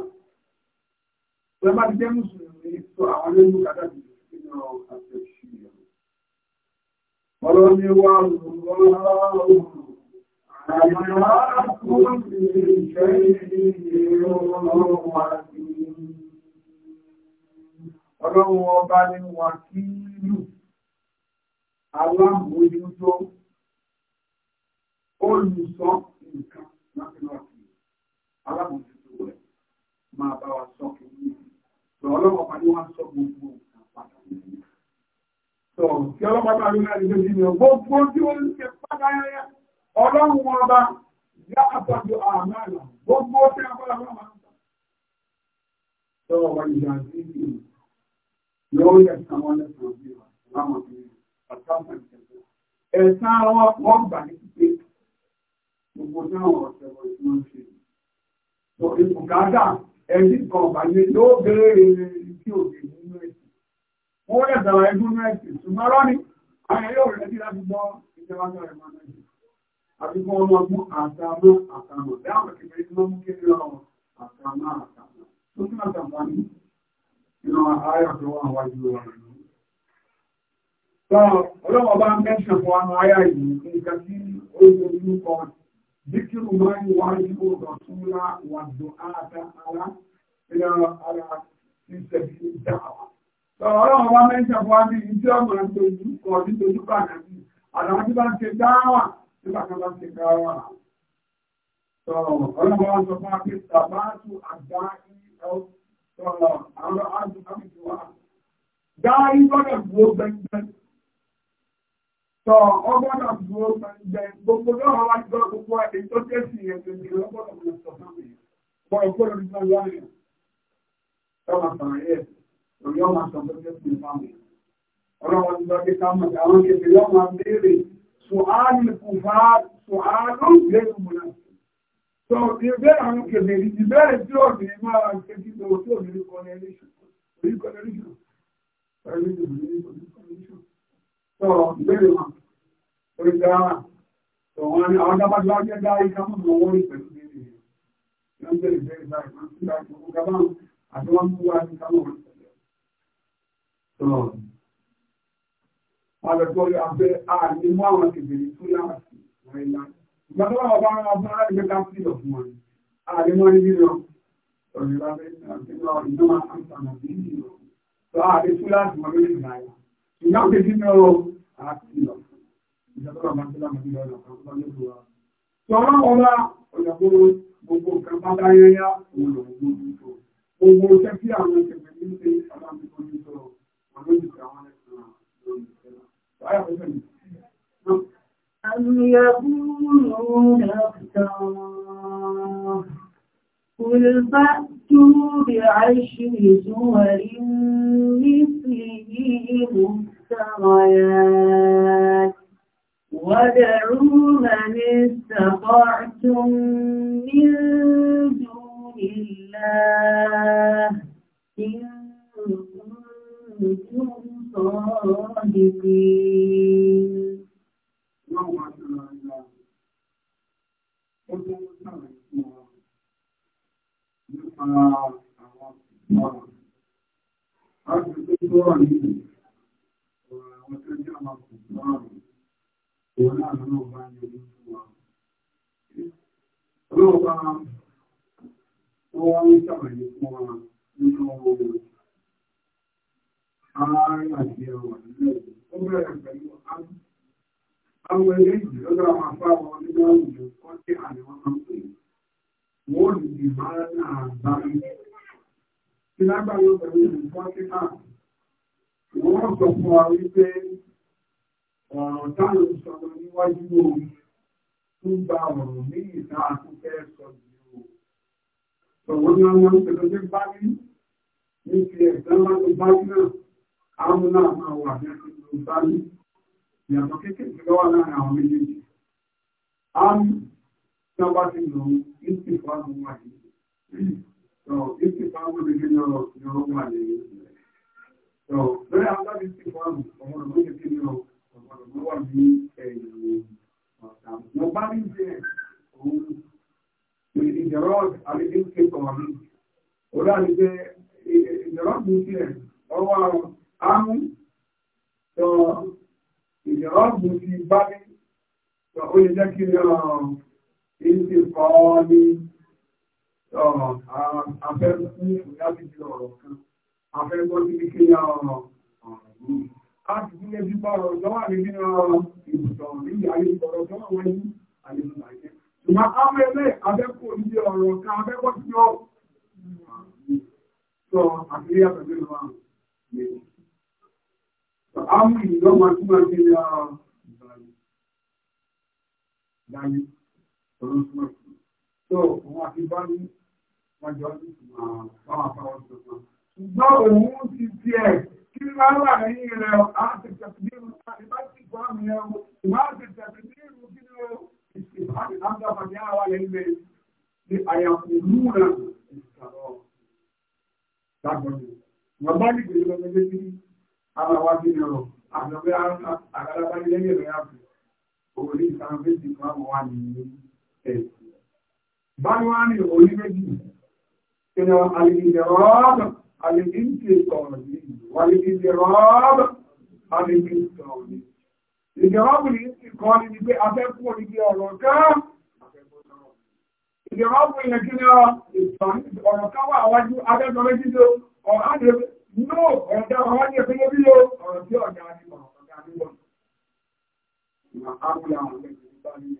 Ìjọba ti jẹ́ Mùsùlùmí, sọ àwọn olóyún kádá sí ìgbìyànjú àti ìṣìyàn. Ọlọ́ni wà lọ́wọ́ Àwọn ará kúrò ní ìṣẹ́ ìrìn ìrìn òun ọmọ àti ọlọ́run ọba ní wàkílù alámòójútó olùsọ nǹkan láti lọ sí alámòójútó rẹ̀ máa bá wa sọ kí ní ìlú ọlọ́run ọba ní wọ́n sọ gbogbo nǹkan padà nìyí. sọ kí ọlọ́pàá bá lórí àdúgbò sí ni gbogbo tí ó ń ṣe padà yẹn ọlọ́run ọba yá àtàjọ àmà àlà gbogbo tí a bá lọ́wọ́ máa ń sọ. sọ wàyí àti ìlú yóò yẹ kí àwọn ẹlẹ́sìn ọ̀gbìn wà láwọn ọ̀gbìn àtàwọn ìṣẹ̀lẹ̀. ẹ̀sán àwọn wọ́n gbà ní pípé gbogbo táwọn ọ̀sẹ̀ wọ̀ tí wọ́n ṣe. sọ ipò gáàdà ẹbí kan ọ̀bàjẹ́ yóò béèrè tí òbí nínú ẹ̀sìn. wọ́n yẹ dàrá ẹgbẹ́ nínú ẹ̀sìn ṣùgbọ́n lọ́ni àwọn ẹ̀yọ́ rẹ̀ ti láti gbọ́ ìjọba tó rẹ̀ máa lẹ́yìn. àbíkọ́ ọmọ ọdún àtàmọ́ àtàmọ́ nínú ayọ̀ tó wọ́n wájú wọn So, ọlọ́wọ́ bá ń mẹ́ṣẹ̀ fún àwọn ayá yìí, nǹkan tí ó yẹ ní kọ́, díkìrù máa ń wájú ọ̀dọ̀ tún lá wà dùn áta ara, ilẹ̀ ara ti tẹ̀lé dáwà. So, ọlọ́wọ́ bá mẹ́ṣẹ̀ fún àwọn ibi tí ọmọ ìtòjú kọ̀ nítorí bá nà sí, àdáwọn tí bá ń ṣe dáwà, nígbà So, ọlọ́wọ́ bá sọ fún àpẹẹsà bá tún àgbá sọ̀rọ̀ àwọn àjùmọ̀jù wa dá ìgbọ́dọ̀ dúró gbẹngbẹ́n sọ ọgbọ́dọ̀ dúró gbẹngbẹ́n gbogbo náà wá jọ gbogbo ẹni tó tẹ̀sí yẹn gbẹngbẹ́ lọ́gbọ́dọ̀ mọ̀ sọ fún mi bọ́ ìgbọ́dọ̀ nípa láàyè ọmọ sọ̀rọ̀ yẹ lórí ọmọ sọ tó tẹ̀sí nípa mi ọlọ́wọ́ ti lọ́dí ká mọ̀ àwọn kẹfẹ́ yọ máa béèrè sùn á nìkú fà á sùn á lóògbé ìmúlẹ̀ So ìbẹ́ àwọn kèbèrè ìbẹ́rẹ̀ tí ó ní máa ń ṣe kí owó tí ò ní connection. So ìbẹ́rẹ̀ wọn, orí dára. So wọn ni àwọn dábàá lọ jẹ́ dáa ìka mú lọ wọ́n ìpẹ̀lú ní ìrìn. Wọ́n jẹ́ ìbẹ́rẹ̀ báyìí, wọ́n ti láti ọkọ̀ gábà àti wọ́n mú wá ní kámọ̀ wọn. So wọ́n lọ sọ́rí àbẹ́ àní mú àwọn kèbèrè tó yára sí wọ́n ìlànà. Ìgbàtọ́wà ọba ara ọba أم يقولون افتراه قل فأتوا بعشر سور مثله مفتريات وادعوا من استطعتم من دون الله إن كنتم صادقين wọ́n wá sí ara ẹ̀yà ó tó fún wa nípa àwọn ìgbàlá. a tó wà níbi ọ̀rọ̀ àwọn tó jẹ́ àwọn kòkòrò òun náà lọ́wọ́ bá yẹ lójú wa. Ọlọ́wọ́ bá wọ́n wá ń sàrẹ̀ fún wa nínú ọ̀rọ̀ ààrẹ àti ẹwà nílẹ̀ ó pẹ̀lú àdúgbò. Àwọn eléyìí lọ́dọ̀ àwọn afáwọn nínú àwùjọ kọ́ sí àríwá máa di máa náà bá mi. Tí lágbàáyé obìnrin lè kọ́ sí náà, wọ́n sọ fún wa wípé ọ̀rọ̀ táwọn ìṣọ̀rọ̀ níwájú òun tún gba ọ̀rọ̀ ní ìta àtúnkẹ́ sọ yìí o. Sọ̀rọ̀ ní àwọn ìṣẹ̀lẹ̀ ìyàtọ̀ kéékèèké lọ́wọ́ láàrin àwọn méjèèjì ámì tí a bá ti lò ó ní ti fọ́ àwọn wà ní ìlú ní ti fọ́ àwọn méjèèjì lọ́rọ̀ ní ọ̀rọ̀ wà ní ìlú lórí àwọn ti ti fọ́ àwọn ọmọ ọmọ kékeré ní ọmọ ọmọ wà ní ẹ̀yìn ọ̀tà mo bá ní jẹ́ òun ìjọ̀rọ̀ àlejò kékeré wà tó ìrọ́bù ti bá um, ní sọ ó lè jẹ́ kí èsì kọ́ ní afẹ́kú láti di ọ̀rọ̀ kan afẹ́kọ́ sí ní kí um, um, ọ̀rọ̀ láti ní ẹbí bọ́rọ̀ lọ́wọ́ ní nínú ìbùsọ̀ ní ayé ìbọ̀rọ̀ tó wọ́n ní ayé ìbàjẹ́ ṣùgbọ́n àwọn ẹgbẹ́ afẹ́kọ́ ní ọ̀rọ̀ kan afẹ́kọ́ sí ọ̀rọ̀ sọ àfihàn pẹ̀lú ìlú àwọn Àwọn ìlọ́ máa túnmọ̀ sí ìdáyé, ọ̀rọ̀ túnmọ̀ sí. So, wọ́n àti bá ní wọ́n jọ ní àwọn àpáwọn ìjọba. Ṣùgbọ́n òun ti ti ẹ̀ kí ní máa wà lẹ́yìn rẹ̀ àti tẹ̀sílẹ̀ àti bá ti kọ́ àmì ẹ̀ ìwọ́n àti tẹ̀sílẹ̀ ìlú kí ní ìsìnkú àti láti àfàdé àwọn lẹ́yìn rẹ̀ ní àyàkùnlú rẹ̀ ìsàlọ̀ abúláwájú ní ọ̀rọ̀ àgbẹ̀gbẹ̀ àgbàlagbà ní lẹ́yìn ìrìn àbò orí ìsàn méjì kan wà ní ẹ̀sìn báyìí wá ní orí méjì ìnà àlèkìndẹ̀rọ́ọ̀bù àlèkìndẹ̀rọ́ọ̀bù àlèkìndẹ̀rọ́ọ̀bù àlèkìndẹ̀rọ́ọ̀bù ìjọba ní ìkọ́ ni pé afẹ́kù oníbi ọ̀rọ̀ ká ìjọba ní ìyẹn kí ni ọ̀rọ̀ ká wà wájú afẹ́kù méjì tó ọ̀rọ̀ Inú ọ̀dá wa ní ẹgbẹ́ bí ó ọ̀rọ̀ tí ọ̀dá ní ọ̀dá ní wọ̀n. Ìmọ̀ àkúlẹ̀ àwọn ẹgbẹ́ bá ní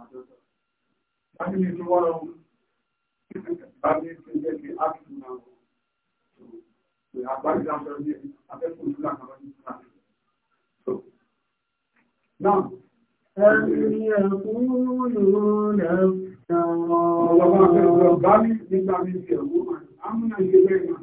àjọ́sọ̀. Bá ní ìlú wọ́n lọ, bá ní ìpínlẹ̀ kí á kìí náà. Àgbájú láti ọdún yẹn, abẹ́kùn ìlú àkàrà ní ìpínlẹ̀. Náà, ẹ̀rù ni ẹ̀kún lòrùn ẹ̀fẹ́ wọn. Ọlọ́wọ́ àfẹ́ ìjọba ní nígbà méjì ẹ̀wọ́ àmúnà ìgbẹ́ náà.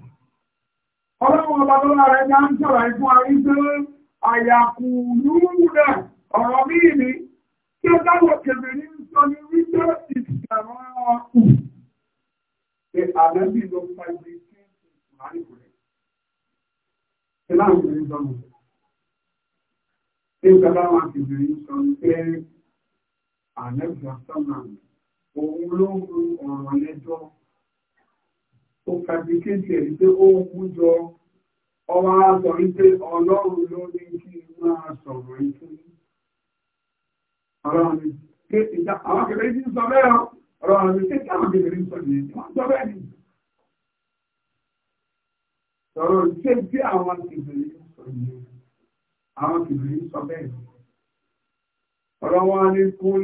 Ọlọ́run ọba lọ́la rẹ̀ ní àjọ́ra ìfún àrí pé àyàkù lúrúdà ọ̀rọ̀ míì ní tí ó dáwọ̀ kèfè ní sọ ní wípé ìsìnkàrọ̀ wọn kù. Ṣé àlẹ́bí ló fa ibi tí ìsìnkàrọ̀ kù rẹ̀? Ṣé láàrín ìrìn sọ́nù? Ṣé ìgbàláwà kèfè ní sọ ní pé àlẹ́bí sọ́nà òun ló ń ọ̀rọ̀ lẹ́jọ́ ó fabricate ẹ̀ pé ó ń kú jọ ọwọ́ sọ wípé ọlọ́run ló ní kí máa sọ̀rọ̀ ikú ọlọ́run ní kí ìjà àwọn kèfèrè ti ń sọ bẹ́ẹ̀ ọlọ́run ní kí àwọn kèfèrè ń sọ nìyẹn wọ́n sọ bẹ́ẹ̀ ni sọ̀rọ̀ ṣé bí àwọn kèfèrè ń sọ nìyẹn àwọn kèfèrè ń sọ bẹ́ẹ̀ ọlọ́run ní kún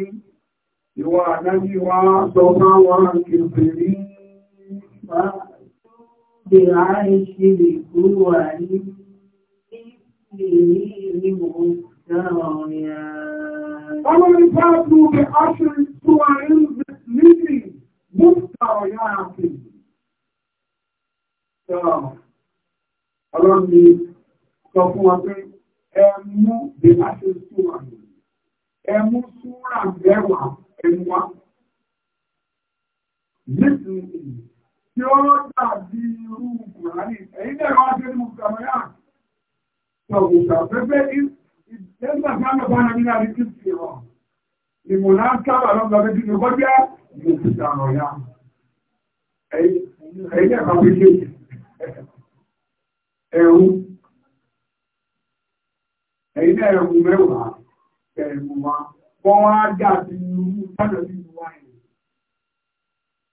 ìwà àdájú wa sọ fáwọn kèfèrè máa بعيش الكوان ومن فاتوا بعشر سور مثله مفتريات Ọlọ́run ni sọ fún wa pé ẹmú bí a ṣe súnra ní. Ẹmú súnra mẹ́wàá ẹmú wá. Nítorí tí ó dàbí irú Kùránì ẹ̀yìn dẹ̀rọ ajé ní Mùsùlùmí tọ̀gùtà pẹ́pẹ́ ìgbésà sáàmù bára nínú àríkí ti rọ̀ ìmùlá sábà lọ́gbà pé kíni kọ́ jẹ́ Mùsùlùmí rọ̀ ya ẹ̀yìn dẹ̀rọ ajé ní ẹ̀rù ẹ̀yìn dẹ̀rù mẹ́wàá ẹ̀rù wa wọ́n wá dàbí irú sáàmù bára nínú àríkí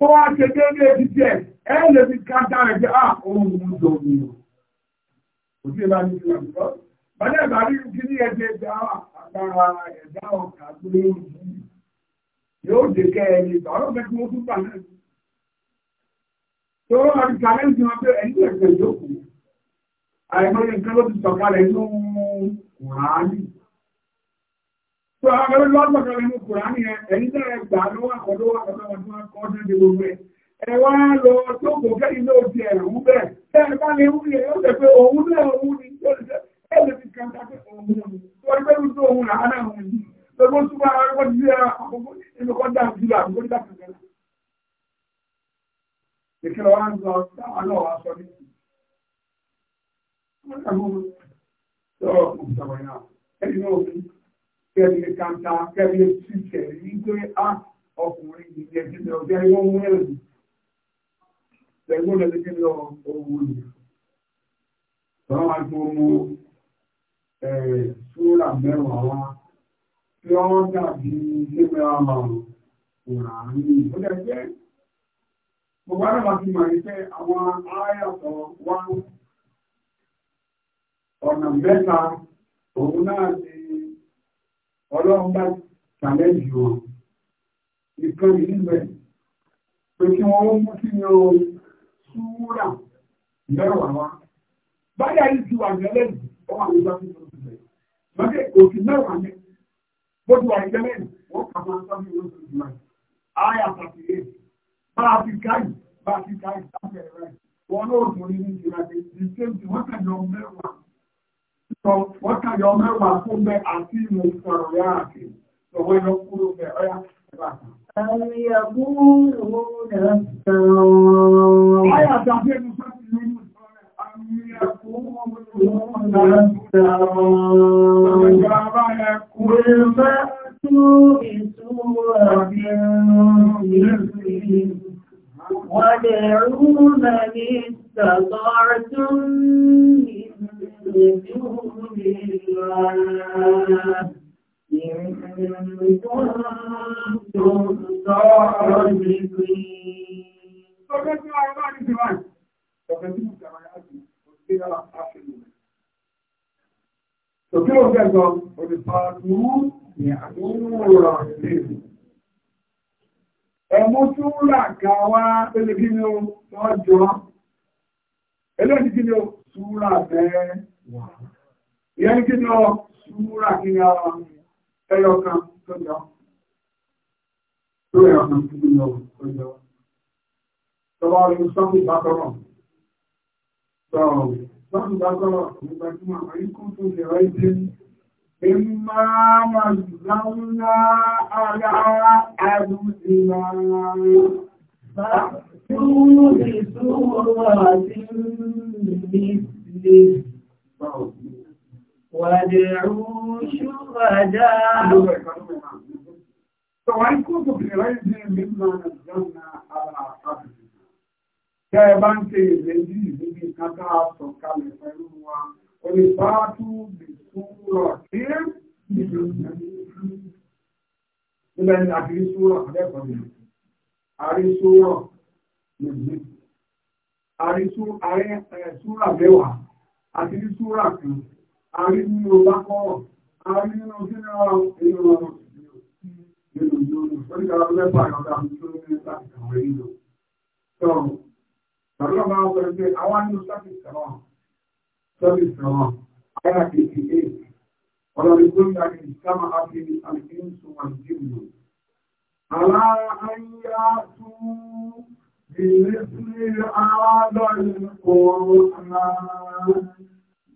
tó wá ṣe déédéé títí ẹ̀ ẹ́ lè fi kájá rẹ̀ pé ah, òun jọ bàdé ìbàdí kí ní ẹ̀jẹ̀ ẹ̀jẹ̀ ah, àgbára ẹ̀dá tó lé òun yóò dé kẹ́ ìgbà wọ́n tún náà wọn pé ẹ̀yìn ẹ̀jẹ̀ ìjókòó àìmọye nǹkan ló So agar Allah bakal ilmu Quran ya, ini saya dalawa kodowa kata wanita kau dan dibuat. Ẹwà lọ tó kò kẹ́ ilé òjì ẹ̀rù bẹ́ẹ̀. Ṣé ẹ bá lè wúni ẹ̀ ó lè pe òun náà òun ni tó lè ṣe ẹ lè fi kàn dákẹ́ òun ni. Tó ẹgbẹ́ mi tó òun làá náà òun yìí. Gbogbo túbọ̀ àwọn ọmọ ti ṣe àkókò ẹni kan dà jù lọ àkókò nígbà kan náà. Ìkìlọ̀ wa ń sọ àwọn náà wà sọ ní. Wọ́n kà mọ́ mi. Ṣé ọ̀rọ̀ kò sọ̀rọ̀ yà? Ẹni náà kẹ́bi kàńtà kẹ́bi tìṣẹ̀ wípé á ah, ọkùnrin ìjẹ́ títẹ̀ ọ̀jẹ́ wọ́n mú ẹ̀rù lẹ́gbọ́n lẹ́gbẹ́ lọ owó ni wọ́n wá tó mú ṣúra mẹ́wàá wá tí wọ́n dàbí ilé mẹ́wàá márùn òrà ní ìbúlẹ̀ jẹ́ gbogbo ara máa fi màá pé àwọn aráyàtọ̀ wá ọ̀nà mẹ́ta òun náà ni ọlọ́run bá challenge o ìkan ìlúwẹ̀ pé kí wọ́n mú sí ní o súwúrà mẹ́wàá wá báyà yìí ti wà gẹ́lẹ́ yìí ó wà ní sáfì tó ti bẹ̀rẹ̀ lọ́kẹ́ òfin mẹ́wàá ní bó ti wà gẹ́lẹ́ yìí wọ́n kà máa sáfì tó ti bẹ̀rẹ̀ àyà pàtì yìí bá a ti káyì bá a ti káyì sáfì ẹ̀rẹ́ wọn náà tún ní ní ìlànà ìṣèjì wọ́n kà jọ mẹ́wàá. So wọ́n kàyọ mẹ́wàá fún bẹ́ àti ìmọ̀ ìsọ̀rọ̀ yá àti ìṣòwò ẹ̀yọ kúrò bẹ̀ ọ́yá ìbàtà. وَدَعُوا مَنِ اسْتَطَعْتُم مِّن بالله إن كنتم صادقين Tòkí ó gẹ́gọ́ olùfààtú ni lèrè. Ẹmú tún rà ká wá pẹ́lú kí ni ó tọ́jọ́. Ẹlẹ́ni kí ni ó túnrà bẹ́ẹ̀ wà ìyẹn kí ní ọ súnmúra kí ní ara ẹyọkan tó jọ tó ẹyọkan tó ní ọ tó jọ tọba orí sọ́kù bá tọrọ tọrọ sọ́kù bá àyí kún tó lè rẹ dé Ìmá màzánná ara àdúgbìnà bá túnú ìsúnwọ́ àti nílé. Báwo وادعوا شهداءكم فوان كنتم في ريب مما نزلنا على قبلنا كيبان تيزيدي زيدي كتاب تكالي فيروا ونفاتوا بسورة كيف Ibẹ̀ ni àti ìṣúra lẹ́kọ̀ọ́ ni, àríṣúra lèjì, àríṣúra mẹ́wàá, àti ìṣúra kan, àrí nínú lápọ̀rọ̀ àrí nínú sínú èyí ọ̀rọ̀ nínú ìlú oníkàrà tó lẹ́pàá ìrọ̀dá tó ní láti àwọn èyí lọ tó tàbí ọba ọ̀pọ̀ ẹgbẹ́ àwọn nínú sọ́fíìsì kan sọ́fíìsì kan ara kìkì eight ọlọ́rin tó ń da ní ìsámà áfíì àti ìsùn àti jíìmù alára ayíyá tún ìrísí àádọ́rin kòrò àárín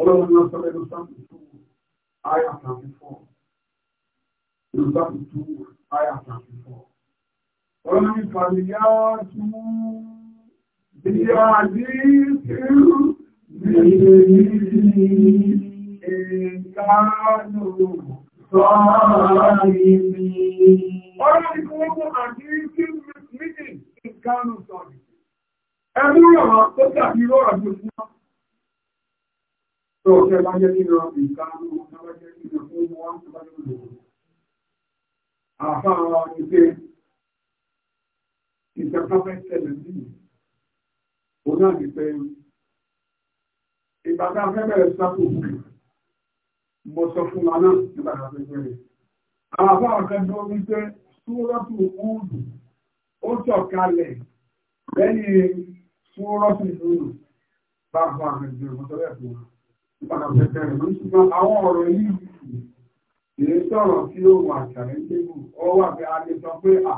Ọlọ́run náà sọ lẹ́nu sáàmù tó àyà tàbí fọ́. Lẹ́nu sáàmù tó àyà tàbí fọ́. Ọlọ́run ní fàmìyà tún bí àdí ìrù nílé ìkànnù sọ́ọ̀rọ̀ ìbí. Ọlọ́run ní fún ọkọ̀ àdí ìrù ìkànnù sọ̀rọ̀. Ẹ̀rú rọ̀ tó dàbí rọ̀rọ̀ tó tó ọ̀fẹ́ bá jẹ́ nínú nǹkan ọmọ bá jẹ́ nínú fún ọmọ wọn tó bá jẹ́ nínú àfá àwọn ìpé ìjọpápẹ́ tẹ̀lẹ̀ sí òun náà ní pé ìgbàgbà fẹ́bẹ̀rẹ̀ sápò mo sọ fún wa náà nígbàgbà fẹ́bẹ̀rẹ̀ àwọn àfá àkẹ́gbẹ́ wípé súrọ́tù úùdù ó sọ̀kalẹ̀ lẹ́yìn súrọ́tù ìlú bá àfá àkẹ́gbẹ́ mo sọ bẹ́ẹ̀ fún wa padà bẹ̀rẹ̀ rẹ̀ ṣùgbọ́n àwọn ọ̀rọ̀ yìí kìí sọ̀rọ̀ sí ohun àṣàrẹ́ tébù ọ wà pé a lè sọ pé à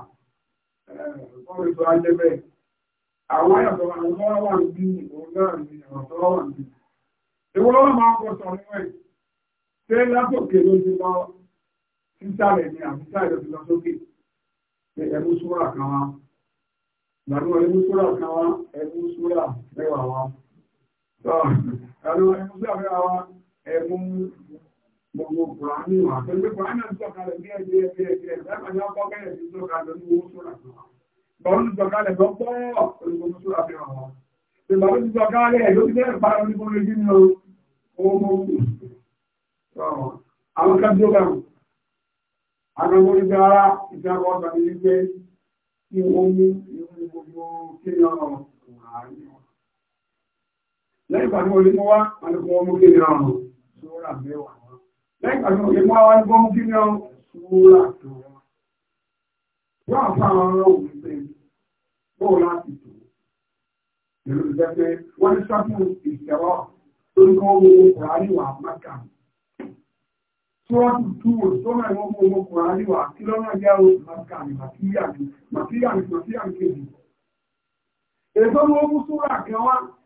ọ̀rọ̀ ètò ajẹ́bẹ̀ àwọn àyàtọ̀ àwọn ọmọ wà níbí òun náà ní ọ̀rọ̀ tó wà níbí ewu lọ́wọ́ máa ń kọ sọ nínú ẹ̀ ṣé látòkè ló ti lọ sísàlẹ̀ ni àbísàlẹ̀ ti lọ sókè ẹ̀mú súrà kan wá ìgbàdúrà ẹ̀mú súrà kan wá ẹ̀mú súrà mẹ́wàá wá Ẹ̀rọ ẹgbẹ́ ọ̀rẹ́ wa ẹ̀mú gbogbo Kùránì wà. Pẹ̀lú Kùránì ń sọ̀kalẹ̀ bí ẹgbẹ́ ẹgbẹ́ ẹgbẹ́ ẹgbẹ́ ẹgbẹ́ ọkọ̀ bẹ̀rẹ̀ sí sọ̀kalẹ̀ ní owó sọ̀rọ̀ fún wa. Bọ̀rún sọ̀kalẹ̀ lọ́pọ̀ olùkọ́ sọ̀rọ̀ fi hàn wọn. Ìbàbá ti sọ̀kalẹ̀ ló ti jẹ́ ìpara ní gbogbo ẹgbẹ́ ní owó. Àwọn kan tó bẹ̀rù. Àwọn ọmọ ìgbà ara ìjàmbá ọ̀gbà ní wípé kí wọ́n mú ìwọ̀n gbogbo kí lẹ́yìn ìgbà tí mo lè mú wá alùpùpù ọmọ kí ni ọrùn sóra mẹ́wàá lẹ́yìn ìgbà tí mo lè mú wá alùpùpù ọmọ kí ni ọrùn sóra tó wá. wọ́n á fún àwọn ọ̀rọ̀ òun pé bóun láti tò ó. èrò ìjẹ́ pé wọ́n ní sábù ìṣẹ̀wọ́ tó ń kọ́ owó kùránì wà máka. tí wọ́n ti tú wò tó náà wọ́n mú owó kùránì wà kí lọ́nà jẹ́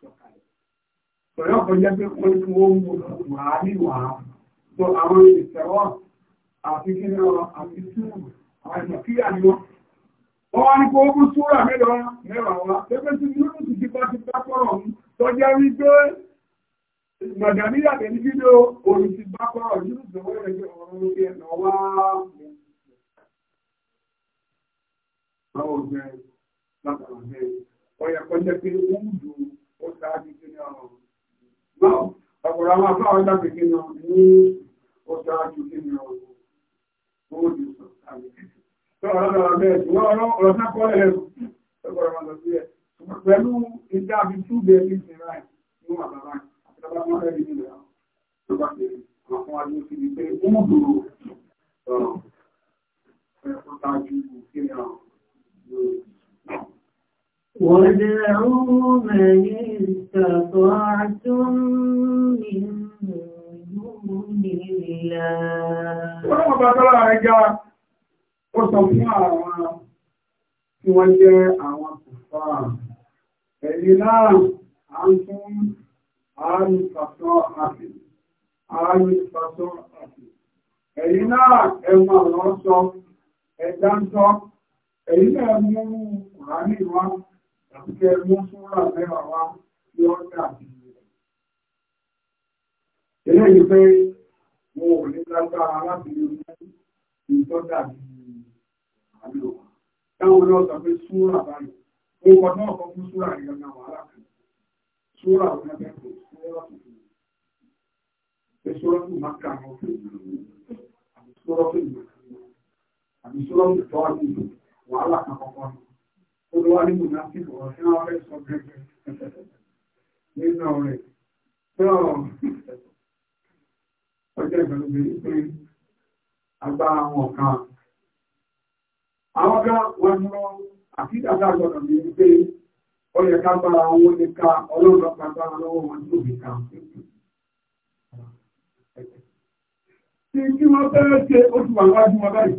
sọ̀kalẹ̀. Sọ̀rọ̀ kan jẹ́ pé wọ́n tí wọ́n mú wà níwà tó àwọn ìṣẹ̀wọ́ àti kí lọ àti túrù àwọn ìmọ̀kíyà ni wọ́n. Wọ́n wá ní kó kú súrà mẹ́lọ mẹ́wàá wá. Pépé tí Yúrù ti tipa ti bá kọ́rọ̀ mú tó jẹ́ rí pé Mọ̀dàníyà tẹ̀lé fídíò orin ti bá kọ́rọ̀ Yúrù tó wọ́n ọ̀pọ̀lọpọ̀ àwọn afọ́ àwọn ìdàgbé kí wọn ní ọjà àjò kí ni ọ̀rọ̀ owó ti sọ àmì tọ́wọ́ lọ́wọ́ bẹ́ẹ̀ ṣùgbọ́n ọ̀rọ̀ sákọ́ ẹ̀rù ọ̀pọ̀lọpọ̀ àwọn ọ̀sẹ̀ yẹ pẹ̀lú ìdá àbí túbẹ̀ ní ìsinmi láì ní wà bàbá àti bàbá wọn rẹ̀ nínú ìlà tó bá ti وادعوا من استطعتم من دون الله ولما بدل رجع وصفنا tí wọ́n jẹ́ àwọn kòfà ẹ̀yìn náà a ń fún àárùfàṣọ́ àti àárùfàṣọ́ àti ẹ̀yìn náà ẹmọ àwọn sọ ẹ̀dá ń sọ ẹ̀yìn náà mú kùránì wọn àti kí ẹ mú súnra mẹ́wàá wá ní ọ́dà eléyìí pé wọn ò ní lágbára láti lè mú ìtọ́jà àlò táwọn náà sọ pé súnra báyìí wọn kọ náà kọ fún súnra ìyá náà wàhálà kan súnra wọn náà bẹ́ẹ̀ kọ súnra tuntun pé súnra tún máa kà wọn fún àbí súnra tún máa kà wọn àbí súnra tún tọ́ olúwa ní mùnásìkò wọ́n tí wọ́n fẹ́ sọ gẹ́gẹ́ nínú rẹ̀ tó ọjọ́ ìgbẹ̀lúgbẹ̀ pé agbára wọn kan àwọn kan wọ́n ní wọ́n ó yẹ ká gbára wọn ní ká ọlọ́run ọ̀pá lọ́wọ́ wọn tó fi ká tí kí wọ́n fẹ́ ṣe ó ti wọn báyìí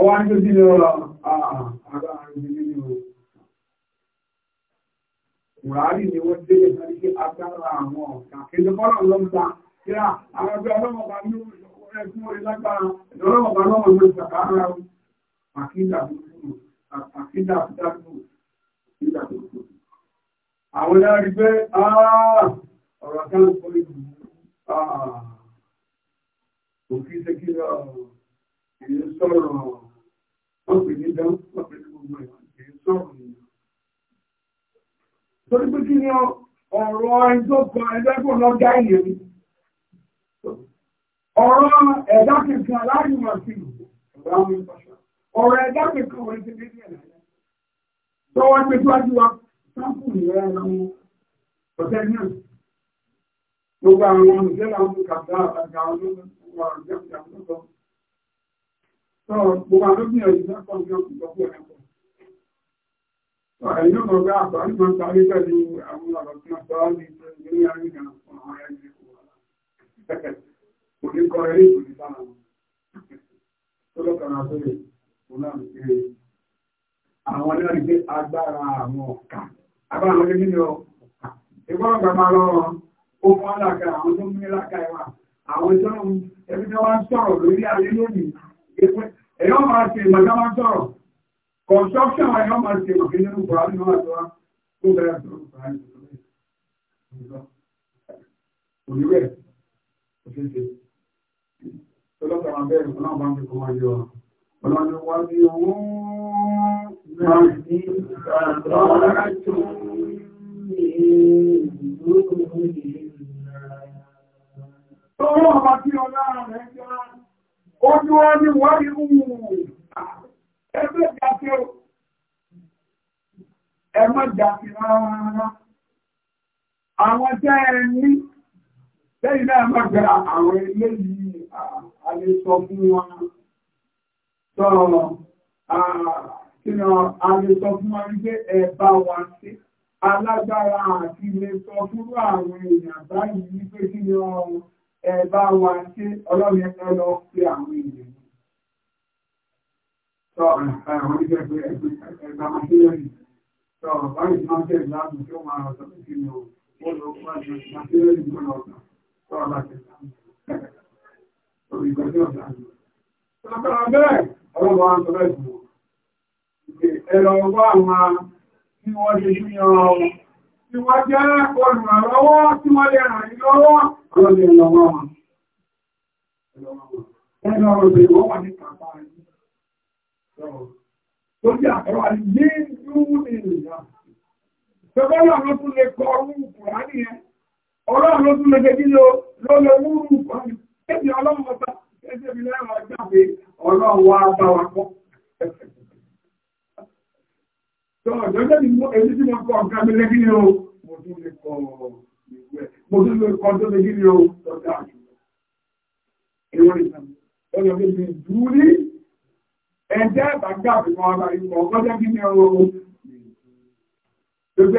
ọwá ń tó sílé ọ̀rọ̀ Mùrárí ni wọ́n dé ìfẹ́ sí agbára àwọn ọ̀gá. Kéde bọ́lá lọ́mta, kíra, àwọn ọjọ́ ọlọ́mọ̀bá ní ẹkún orí lágbára, ìdọ́lọ́mọ̀bá lọ́mọ̀ ló ṣàkà ara rú. Àkídà dúdú, àkídà dúdú, àkídà dúdú. Àwọn ẹ̀rọ rí pé, àà, ah, ọ̀rọ̀ kan kò lè dùn, àà, òfin ṣe kí lọ, èyí sọ̀rọ̀ wọ́n pè ní dán wọ́n pè ní gbogbo ẹ̀wọ̀n kì í sọ̀rọ̀ nìyẹn. torí pé kí ni ọ̀rọ̀ ẹni tó kan ẹgbẹ́gbọ̀n lọ dá ìyẹn mi ọ̀rọ̀ ẹ̀dá kankan láàrin wọn sí ìlú ọ̀rọ̀ ẹ̀dá kankan wọ́n ti lé ní ẹ̀dá tó wọ́n pé síwájú ẹ̀rọ wọn ọ̀tẹ́ Gbogbo àdókùnrin ọ̀yìn lọ́pọ̀ ní ọkùnrin lọ́pọ̀ ẹ̀kọ́. Ẹ̀yìn náà gbá àpá ní máa ń parí pẹ̀lú àwọn ọ̀rọ̀ tí wọ́n sọ ní ìlú àríkà fún àwọn ẹgbẹ́ ìwọ̀n. (laughs) Kò ní kọ́ ẹ̀rí kò ní bá àwọn. Tó lọ́kàrà tó lè, òun é. Àwọn náà ń gbé agbára àwọn ọ̀kà. Agbára àwọn ẹgbẹ́ nínú ọ̀kà. Ìgbọ́n ọ̀gbà máa lọ́rọ̀ ó fún alága àwọn tó ń mú ní lákàá ẹwà. Àwọn tó ń ẹbí tó wá ń Èyàn máa ṣe ìmọ̀já máa sọ̀rọ̀. Construction wa èyàn máa ṣe ìmọ̀kí nínú Buhari náà àtọ́wá tó bẹ̀rẹ̀ àtọ́wá Buhari tó bẹ̀rẹ̀. Òníwẹ̀ òṣèṣe. Tọ́lọ́pàá máa bẹ̀rẹ̀ fún náà bá ń fi kọ́ wáyé wa. Ọlọ́ni wá ní owó náà ní ìgbàlá tó ní ìlú òní. Tọ́wọ́ ọba tí ọlá rẹ̀ jẹ́ ó ní wọ́n ní wọ́n rí wùwù ẹgbẹ́ jáde ó ẹ má jáde rárá àwọn tẹ́ ẹ ní lẹ́yìn náà má gba àwọn eléyìí alẹ́ sọ fún wọn sọ kí ni alẹ́ sọ fún wọn wípé ẹ bá wa sí alágbára àti ilé sọ fún àwọn èèyàn báyìí wípé kí ni ọrùn ẹ̀bá wa tí ọlọ́run ẹ̀fẹ́ lọ pé àwọn èèyàn sọ àwọn oníṣẹ́ pé ẹ̀gbà máa ṣe lẹ́yìn sọ báyìí máa jẹ́ ìlànà tí ó máa rọ̀ sọ́kùn sí ni ó lọ fún àjọ máa ṣe lẹ́yìn ló lọ sọ sọ ọ̀la ṣe sọ ìgbà tí ọ̀la ṣe. Ọ̀la bẹ́ẹ̀ ọlọ́run wa ń sọ tí wọ́n jẹ́ olùrànlọ́wọ́ tí wọ́n lè ràn ní lọ́wọ́ ọlọ́lẹ̀ lọ́wọ́ wọn. Ẹgbẹ́ ọ̀rọ̀ ìbẹ̀rẹ̀ wọ́n wà ní kàpá rẹ̀. Tó jẹ́ àkọwà ní ìlú ìrìnà. Ṣọ́gbọ́n lọ́rọ̀ tún lè kọ orúkù Kùránì yẹn. Ọlọ́run ló tún lè jẹ́ kílò lọ́lọ́ orúkù mo tún lè kọ tó lè yí ni o àjùlọ. Èrò ìsàmì ọ̀nà mi lè dúró ní ẹ̀jẹ̀ àgbàgbà ọba ìmọ̀ ọgọ́jọ́ kí ni ọ̀rọ̀ o. tó ṣe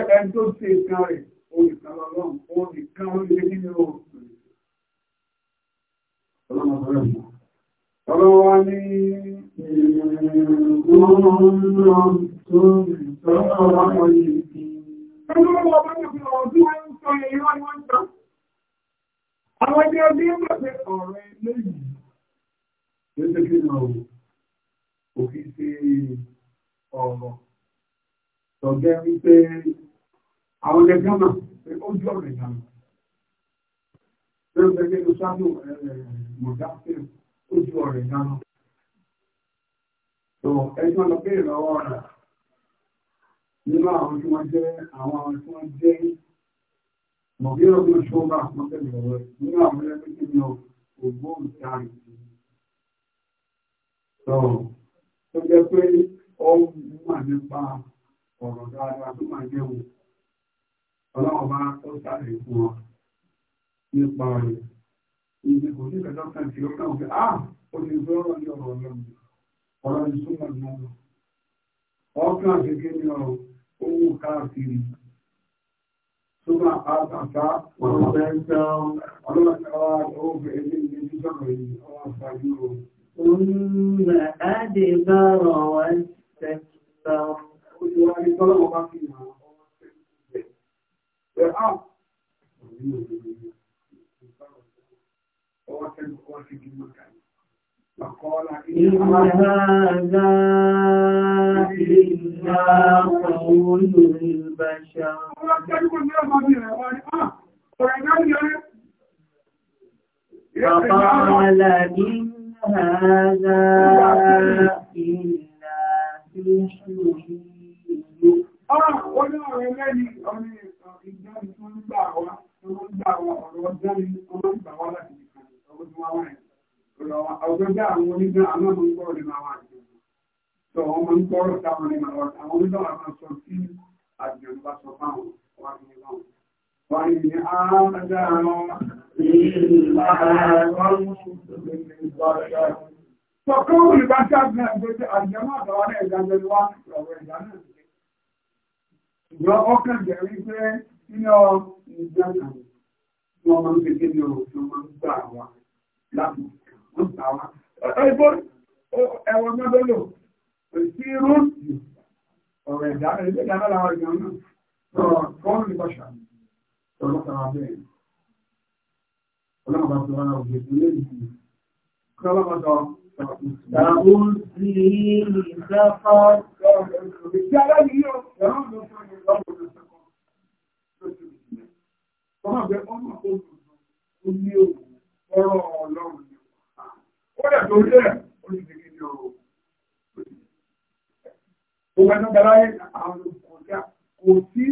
nǹkan rẹ̀ olùkan lọ́lọ́run olùkan ó lè kí ní ìrìn tó ń sọ́kọ̀ wákọ̀ Àwọn ẹgbẹ́ ọdún ń gbẹ̀fẹ́ ọ̀rọ̀ ilé yìí. Lẹ́sẹ̀ kí náà wò, òfin ṣe ọ̀rọ̀. Tọ̀gẹ́ wípé àwọn ẹgbẹ́ náà pé ó jọ rẹ̀ dànù. Lẹ́sẹ̀ kí ló ṣáájú mọ̀dá pé ó jọ rẹ̀ dànù. Tọ̀ ẹjọ́ lọ pé ìrànwọ́ rẹ̀ nínú àwọn tí wọ́n jẹ́ àwọn tí wọ́n jẹ́ mọ̀bí ọdún ṣọ́gbà wọ́n tẹ̀lé ọ̀rọ̀ nínú àwọn ẹgbẹ́ tí ní ògbóǹtarì sí sọ̀rọ̀ tó jẹ́ pé ó wà nípa ọ̀rọ̀ dáadáa tó máa jẹ́ wò ọlọ́wọ́ bá tó sáré fún wọn nípa rẹ̀ ìdí kò sí ìfẹ́jọ́ kan tí ó kàn fẹ́ ah ó ti fẹ́ ọ̀rọ̀ ní ọ̀rọ̀ ọlọ́run ọ̀rọ̀ ìsúnmọ̀ náà ọkàn àti kí ni ọ̀rọ̀ owó káàkiri tó bá àtàtà ọ̀rọ̀lẹ́gbẹ̀ ọlọ́pàá ọgbẹ̀ ilé ilé ìjọba ìwọ̀n àfàyúrò. Oúnjẹ àdìbàrọ̀ wọ́n tẹ́kítà. Ó ti wá ní tọ́lọ́wọ́ bá fi hàn ọwọ́ tẹ́kítà. Ọwọ́ tẹ́kítà wá sí kí mọ́ kàí. إن هذا إلا قول البشر فقال إن هذا إلا سحر Ah, wọ́n ní ọ̀rẹ́ lẹ́yìn ọ̀rẹ́ ìjọ́ ìtún ń gbà wá, ọmọ ń gbà wá, ọ̀rọ̀ ọjọ́ ni ọmọ ń gbà wá láti ìkànnì, ọgbọ́n tí wọ́n wáyé àwùjọ́já àwọn onígbà àwọn ọmọ ń gbọ́rọ̀ nínú àwọn àjò tó wọ́n máa ń gbọ́rọ̀ táwọn nínú àwọn àwọn onígbà wọn máa sọ sí àjò bá sọ fáwọn wà ní ìlànà wà ní àádá àwọn Tọ̀kọ́ olùbájá bí ẹgbẹ́ àjẹmọ́ àtàwọn náà ìdájọ́ ni wá ọ̀rọ̀ ìdá náà. Ṣùgbọ́n ọkàn jẹ́ wípé nínú ìjọ kan ni wọ́n máa ń gbé nínú òfin máa ń gbà wá láti Ẹwọ̀n mọ́bẹ̀lò, sí irú ọ̀rọ̀ ẹ̀dá ẹgbẹ́ ìdára láwọn ìgbà náà, ọ̀rọ̀ kọ́ọ̀rọ̀ ìbáṣà, ọ̀rọ̀ kọ́ọ̀rọ̀ abẹ́rẹ̀. Ọlọ́run bá fi wọ́n náà òjò ìpínlẹ̀ ìpínlẹ̀. Kọ́lọ́mọ́ sọ, ìdáhùn sí ìdáfọ́ ọ̀rọ̀ ọlọ́run kọ́dẹ̀ tó rí ẹ̀ ó sì ní kí Gbogbo ẹnu bẹ̀rẹ̀ ayé àwọn olùkọ̀ọ́jà kò sí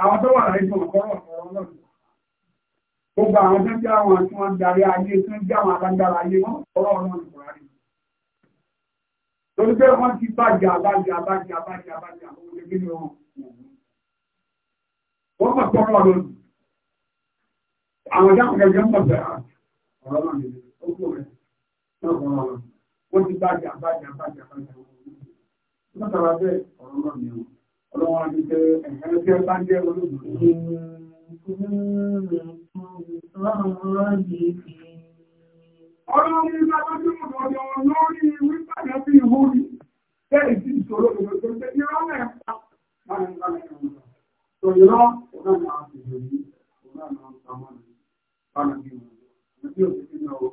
àwọn tó wà láyé tó ọ̀kọ́rọ̀ ọ̀rọ̀ náà. Gbogbo àwọn tó jẹ́ àwọn tí wọ́n darí ayé tó ń jẹ́ àwọn alágbára ayé wọn ọ̀rọ̀ náà nìkọ̀ọ́rọ̀ ayé. Torí pé wọ́n ti bàjẹ́ àbájẹ́ àbájẹ́ àbájẹ́ àbájẹ́ àwọn olùgbé ní ọ̀hún. Wọ́n mọ̀ pé ọ̀rọ̀ lónìí. Àwọn jákòó kẹ̀kẹ́ mọ̀ bẹ̀rẹ̀ ọ̀rọ̀ náà nìkọ̀ọ́rọ̀ wọ́n ti bájà bájà bájà bájà látara bẹ́ẹ̀ ọ̀rọ̀ náà ni ọlọ́wọ́n á ti jẹ́ ẹ̀yẹ́rẹ́ tí ẹ bá jẹ́ olóògbé Ọlọ́run ní lábájú ọ̀dọ̀ lórí wípàdé bí ìwúrí bẹ́ẹ̀ sí ìṣòro ìrọ̀lẹ́ pé irọ́ mẹ́ta máa ń bá ẹ̀rọ ìrọ̀. Tò irọ́ ọ̀nà máa ń fi lórí ọ̀nà máa ń pamọ́ ní bá nàbí wọn. Mo tí ò sí nínú ọ̀rọ̀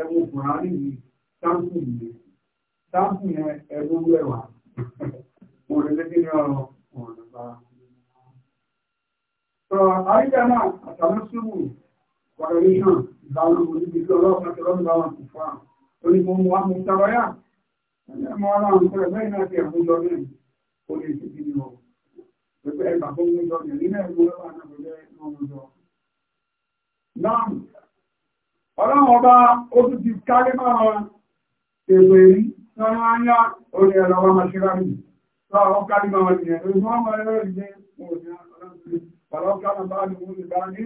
ẹwọ buhari yìí sáǹpù yìí sáǹpù yẹn ẹwọ wẹwà mo lè lé nínú ọ̀rọ̀ ọ̀rọ̀ bá. sọ àyíká náà àtàwọn sùúrù kọrẹlẹsàn ìdáwọn olùdíje tí ọlọ́pàá tí ọlọ́pàá wà kò fún wa ó ní mo mú wa mo sábà yá ẹ mọ ara àwọn ọ̀rẹ́ bẹ́ẹ̀ náà ti ẹ̀mú lọ náà ó lè ṣe kí ọ pẹpẹ ẹ bàbá òun lọ yẹn nínú lọ́wọ́ àná ọlọ́run ọba ó tún ti kárí máa ètò èrí lọ́nà ányá orí ẹ̀rọ wa máa ṣe rárí lọ́wọ́ kárí máa wọ́n nìyẹn lórí wọ́n máa rẹ́rẹ́ ìgbé òòrùn ọlọ́run kárí bá ní wọ́n lè bá ní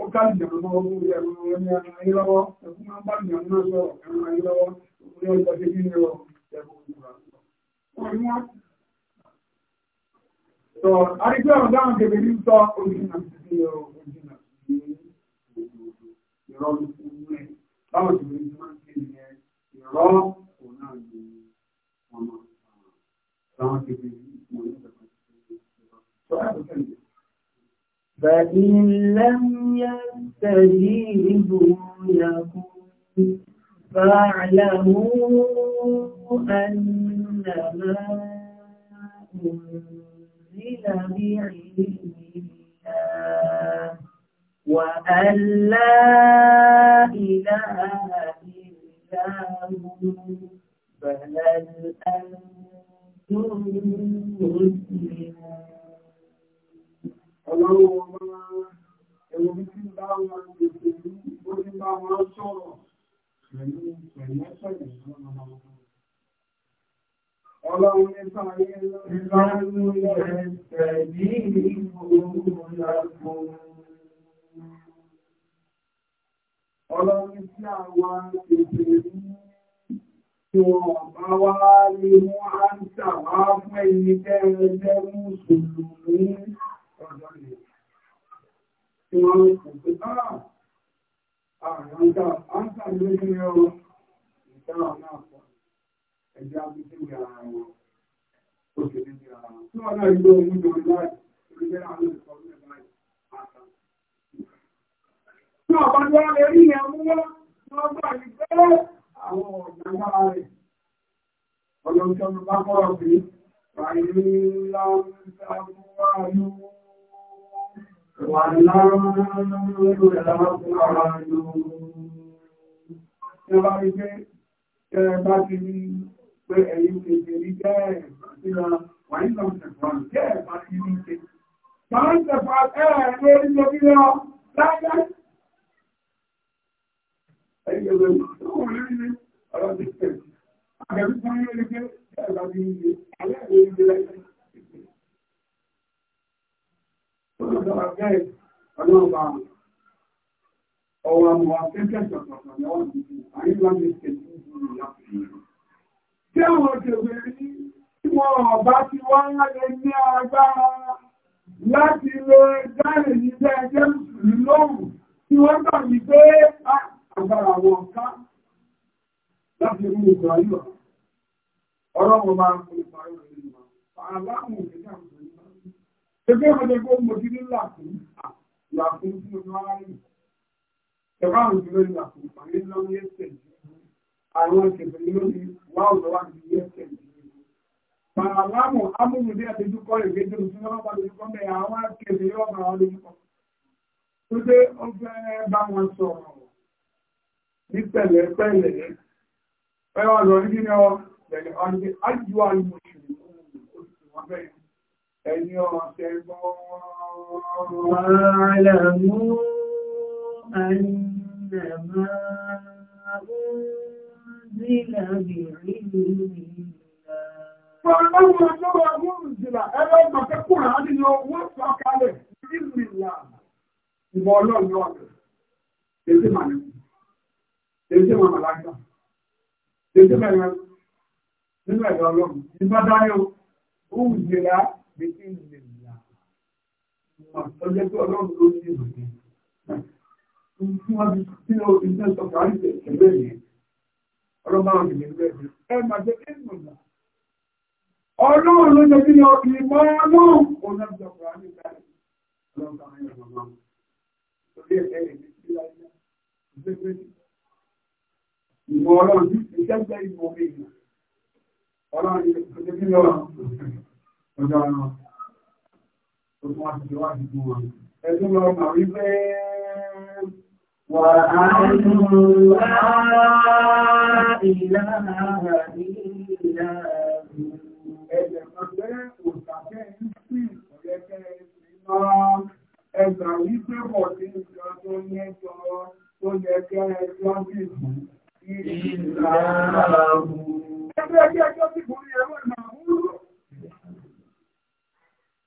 ó kárí jẹ̀mọ́ mọ́ ọmọ orí ẹ̀rọ wọn ní ẹran ayé lọ́wọ́ ẹkún máa bá nìyẹn náà sọ̀rọ̀ ẹran ayé lọ́wọ́ orí ọjọ́ ṣe kí ní ọ So, I think we have done the video talk original. فإن لم يستجيبوا لكم فاعلموا أنما أنزل بعلم الله وأن لا إله إلا هو فهل أنتم مسلمون Ọlọ́run ọmọ ẹ̀wọ̀n tí ń bá wọn lèṣe ní bó ti bá wọn sọ̀rọ̀ pẹ̀lú pẹ̀lẹ́pẹ̀lẹ́ Ọlọ́run ọlọ́run tí àwọn ìpèsè ní tí wọ́n bá wá lè mú áńtà wá fún ẹni tẹ́ẹ̀ẹ́jẹ́ mùsùlùmí ọ̀dọ́ lè tí wọ́n kò pé báà àrántà áńtà lórí ọ ìtara náà pọ̀ ẹ̀jẹ̀ abúlé ara wọn ó sì ní ara wọn tí wọ́n náà yóò mú jọ láì orí náà bá ní wọ́n lè ní pé àwọn ọ̀gá lára rẹ̀ ọlọ́jọ́ ló bá bọ́rọ̀ pé wàyí láwùjáwáyú wà láwùjáwáyú ẹ̀láwùjáwáyú bá rí pé ẹ bá ti rí pé ẹ̀yìn kejì rí jẹ́ ìgbàsíra lọ láyé Ọwọ́ àwọn akẹ́kẹ́ ṣọ̀tọ̀tọ̀ ni wọ́n ti fi àyíká ní ṣètò ìlú láti rí. Tí àwọn òṣèrè rí tí wọ́n ọ̀bá ti wá ń lè ní agbára láti lè dáre ní ẹgbẹ́ ìlú lóhùn tí wọ́n gbà ní pé ah, agbára wọn ká láti rí ìgbà yíwa ọ̀rọ̀ wọn máa ń kó ipa rẹ̀ nínú wa àbáwọn òṣèlú àwọn ìgbà yíwa ṣẹgbẹ́ ìwọ̀n lẹ́gbẹ́ mo ti ní làkún làkún tí mo máa rí ẹ̀fọ́ àwọn ìjọba ní làkún pàdé lọ́wọ́ yẹ́sẹ̀ àwọn ìṣẹ̀fẹ̀ lórí wà ọ̀dọ́ wà ní yẹ́sẹ̀ Màlámù amúnudé àtijúkọ́ ìgbésẹ̀ òṣìṣẹ́ ọlọ́pàá lójúkọ́ mẹ́ àwọn akẹ́kẹ̀ẹ́ yọ́ ọ̀nà àwọn lójúkọ́. Tó dé ó fẹ́ bá wọn sọ̀rọ̀ ní pẹ̀lẹ́pẹ̀lẹ́ ẹwà lọ rí nínú ọ̀pẹ̀lẹ̀ ọdún ajíwá ní mùsùlùmí ẹni ọ̀sẹ̀ Ọlọ́run ọjọ́ ọgbọ́n ìjìlá ẹgbẹ́ ìgbàkẹ́kùnrin á nínú wọ́n sọ́kálẹ̀ ìrìnlá ìmọ̀ ọlọ́run ọ̀dọ̀. Èdè màá nìkú. Èdè wọn àlágbà. Èdè mẹ́rin nínú ẹ̀dọ̀ ọlọ́run. Ìgbà dáyọ̀ ó wù yẹra bí kí n lè yà. Ọjọ́ tí ọlọ́run ló ní ìròyìn. Tí wọ́n ti kí ó iṣẹ́ sọ kárí tẹ̀lé yẹn. Ọlọ́ba òní ní ẹgbẹ́ mi. Ẹ máa jẹ́ kí n mọ̀ náà. Ọlọ́run ló jẹ́ kí ni ọkùnrin mọ́ ọlọ́run. Ó náà jọ kùrọ̀ ní ìdájọ́. Ọlọ́run ká ìwọ ọlọ́run tí iṣẹ́ jẹ́ ìwọ ọlọ́run ní ọjọ́ kí lọ́wọ́ ọjọ́ ọ̀nà tó tún wá ti wá ti fún wọn ẹ̀sùn lọ mà wí pé wà á nù ìlà ìlà ẹ̀jẹ̀ kan pé òṣàfẹ́ ń sìn ọ̀yẹ́kẹ́ ìná ẹgbàá wípé pọ̀ sí ìjọ tó yẹ jọ Ẹgbẹ́ ẹgbẹ́ ẹjọ́ sí kò ní ẹ̀rọ ìmọ̀ àwúrú.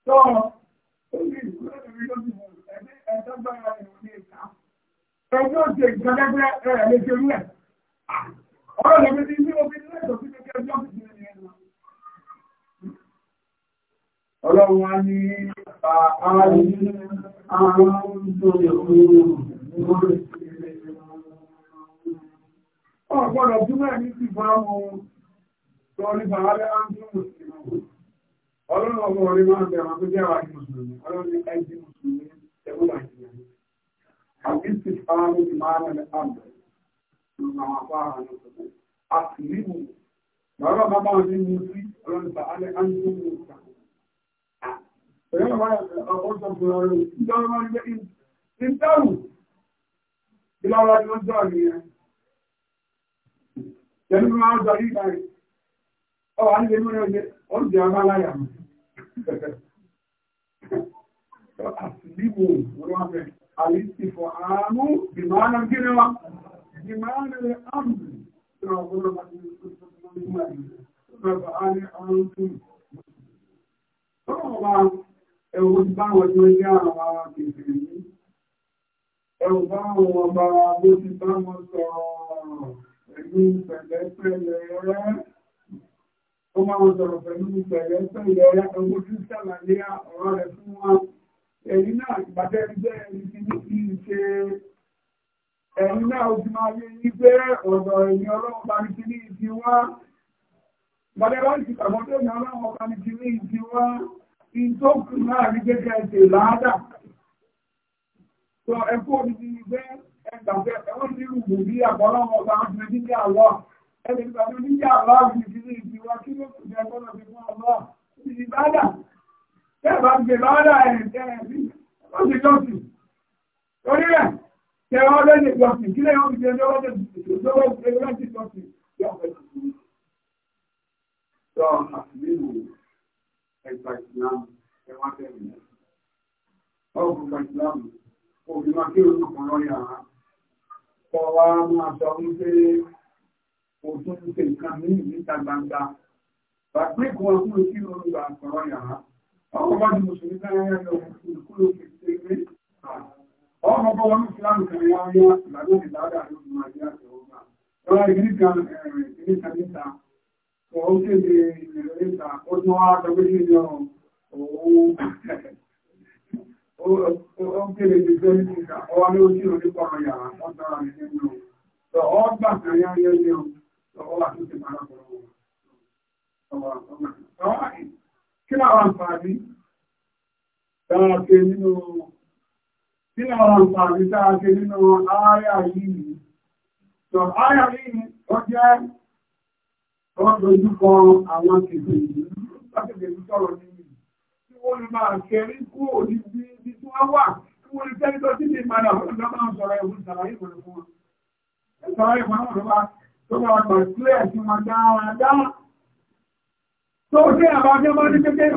Tọ́ Ẹjọ́ ṣe ìgbẹ́gbẹ́ ẹ̀rẹ̀ lè ṣe rú ẹ̀. Ọ̀rọ̀ lẹ́gbẹ́ tí ní omi lẹ́tọ̀ sí kẹ́kẹ́ ẹjọ́ ìgbẹ́ Ọlọ́run wá ní àárín àárín tó lè kúrò ní orí ọ̀pọ̀lọ̀ jùmọ̀ ní ti bá mọ́ sọ́rí bàálẹ́ áńtí mùsùlùmí ọlọ́run ọmọ orí máa bẹ̀rẹ̀ tó jẹ́ àwọn mùsùlùmí ọlọ́run ẹgbẹ́ mùsùlùmí ẹgbẹ́ nàìjíríà àti ti fáwọn ti máa mẹ́lẹ̀ àbẹ̀ lọ́nà àpá àwọn ọ̀sọ̀tọ̀ àti níwò bàbá bàbá wọn ti mú sí ọlọ́run bàálẹ́ áńtí mùsùlùmí Ìjọba ọ̀sọ̀tọ̀ ọ̀rọ̀ ìjọba Tẹ̀lú máa ń sọ yìí dáre. Ọ wà nílé múlẹ̀ oúnjẹ, oúnjẹ abáláyà mú. Àtìlíbò wọ́n fẹ́, àlìsí fọ àánú, dìmáàlà gíní wa, dìmáàlà rẹ̀ àmì, tí wọ́n gbọ́dọ̀ bá ti ní ọjọ́ ìgbà bó ti bá wọn sọ̀rọ̀ pẹ̀lú pẹ̀lẹ́pẹ̀lẹ́ rẹ́ ó máa ń sọ̀rọ̀ pẹ̀lú pẹ̀lẹ́pẹ̀lẹ́ rẹ́ owó tí sàlàyé ọ̀rọ̀ rẹ̀ fún wọn ẹ̀yìn náà ìgbàjẹ́ jẹ́ ẹni tí ní kí n ṣe ẹ̀yìn náà ó ti máa yé ní pé ọ̀dọ̀ ẹ̀yìn ọlọ́run bá ní kí ní ìdí wá gbàdẹ́ bá ti pàmò tó ní ọlọ́run bá ní kí ní ìdí wá kí tó kù náà rí gẹ́gẹ́ ṣe láádà sọ ẹ̀kọ́ òdìdí ni bẹ́ẹ̀ ẹgbàgbẹ́ ẹ̀wọ́n ti rù wò bí àbọ̀lọ́wọ́ ọba ọdún níjà lọ ẹni ìgbàgbọ́ níjà lọ ìdí ní ìdí wọn kí ló kù jẹ́ gbọ́dọ̀ fi fún ọlọ́ ìdí bàdà tẹ́ẹ̀ bá gbé bàdà ẹ̀ tẹ́ ẹ̀ bí wọ́n ti jọ́sìn torí rẹ̀ tẹ́ ọ lẹ́yìn jọ́sìn kí lẹ́yìn ọ̀gbìn jẹ́ lọ́wọ́ jẹ́ lọ́wọ́ jẹ́ lọ́wọ́ jẹ́ jọ́sìn yọ̀ fẹ́ Ọ̀gbùn ìsìlámù, òbí máa kí orúkọ lọ́yà rán kọ́ wa máa sọ wípé kò tún ń ṣe nǹkan ní ìta gbangba bàgbé kan wọn kúrò sí lórí ìgbà àkọ́rọ́ yàrá ọkọ̀ bá di mùsùlùmí náà yẹn lọ kúrò sí ṣeré ọkọ̀ bá wọn ìsìlámù kan yá yá ìlànà ìlànà lórí máa yá ìjọba lọ́wọ́ ìgbìlì kan ìgbìlì kan níta kò ó kéde ìrẹ̀lẹ́ta ó tún wá sọ pé kí ni ọ̀hún ó kéré ti fẹ́ ní yàrá gbà ní ọ lọ ọwà tó ti para pọ̀ ọwà ọwà kí làwọn àǹfààní dára ṣe nínú kí làwọn àǹfààní dára ṣe nínú ááyà yìí ááyà yìí ó jẹ́ àwọn yìí láti lè sọ̀rọ̀ ní wọ́n lè máa kẹrí kú òní bí ibi tí wọ́n wà máa dà wọ́n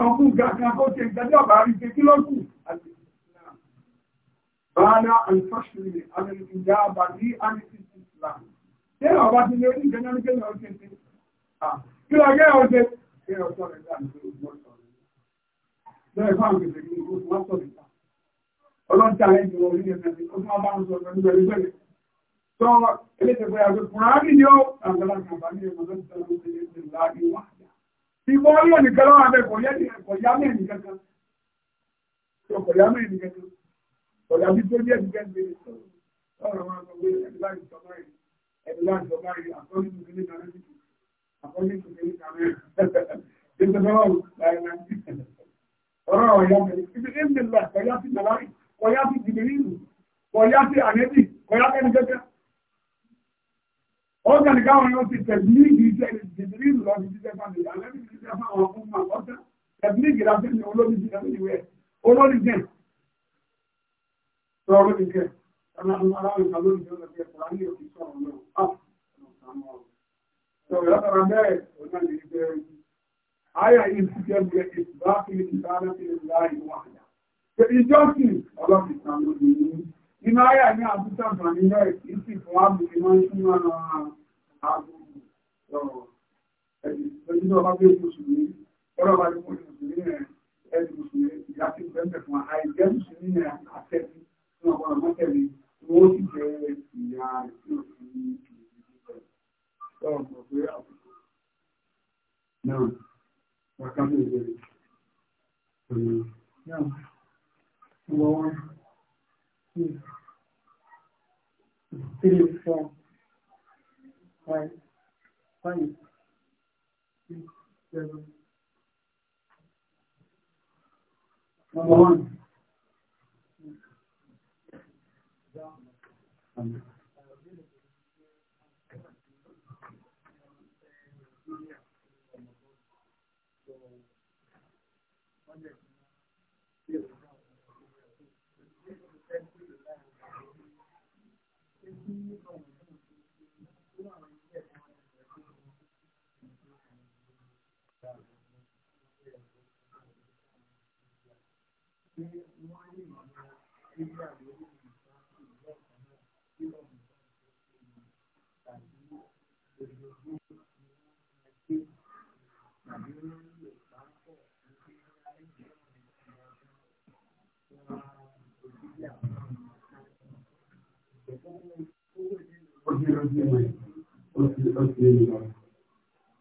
ọkùn gàkan kó ṣe ìdájọ́ bá rí ṣe kí ló kù. bàálà àlùfáṣìlì àlùfíjà àbàdí àlùfíjì islam. ṣé ọba ti lè rí ìjẹ́ náà ní lọ́rẹ̀ fáwọn kẹfẹ́ kí o wá sọ̀rọ̀ ìta ọlọ́jà ẹni wọ orí ẹ̀fẹ́ tó máa bá ń sọ pẹ̀lú pẹ̀lú pẹ̀lú tó elétẹ̀fẹ́ àti kùnrin ni ó àgbàlá kàbá ní ẹ̀mọ́ lọ́sí sọ̀rọ̀ ní ẹ̀sẹ̀ láàrin ọ̀rọ̀ àwọn ìyá mẹ́rin ibi ní ìlà kọ̀yá sí nàlárí kọ̀yá sí jìbìrìlù kọ̀yá sí ànẹ́bì kọ̀yá kẹ́ni kẹ́kẹ́ ó jẹ́ nìkan àwọn yóò ti tẹ̀bílíìgì iṣẹ́ jìbìrìlù lọ sí jíjẹ́ fáwọn ìyá ànẹ́bì ti jẹ́ fáwọn ọmọ ọmọ ọ̀tẹ́ tẹ̀bílíìgì láti ní olóbi ti tẹ̀bí ìwé olóbi jẹ́ sọ̀rọ̀ ní kẹ́ Sọ̀rọ̀ látara bẹ́ẹ̀ òun náà ní Àyà ìsìnkẹ́gbẹ̀ ìsìláàfin ìdánáfin láàrin wáhàdà. Ìjọ́sìn ọlọ́pìtàn lórí ní. Iná àyà ní àbúta Bàníyà ìsìn fún àbúrí máa ń súnmọ́ àbúrú. Ẹ̀dì lójúdọ́ bá gbé mùsùlùmí, ọ̀rọ̀ bá ní mú mùsùlùmí rẹ̀, ẹ̀dì mùsùlùmí ìyá tí bẹ́ẹ̀ fún àìjẹ́ mùsùlùmí rẹ̀ àtẹ́bí fún ọ̀pọ̀lọpọ̀ mọ́tẹ̀lé, wọ́n sì jẹ́ ìyá rẹ̀ tí ó fi ní ìlú. Ọ̀rọ̀ Wákàtí ìgbèrè. Now, number one, two, three, four, five, five, six, seven. Number one. Down.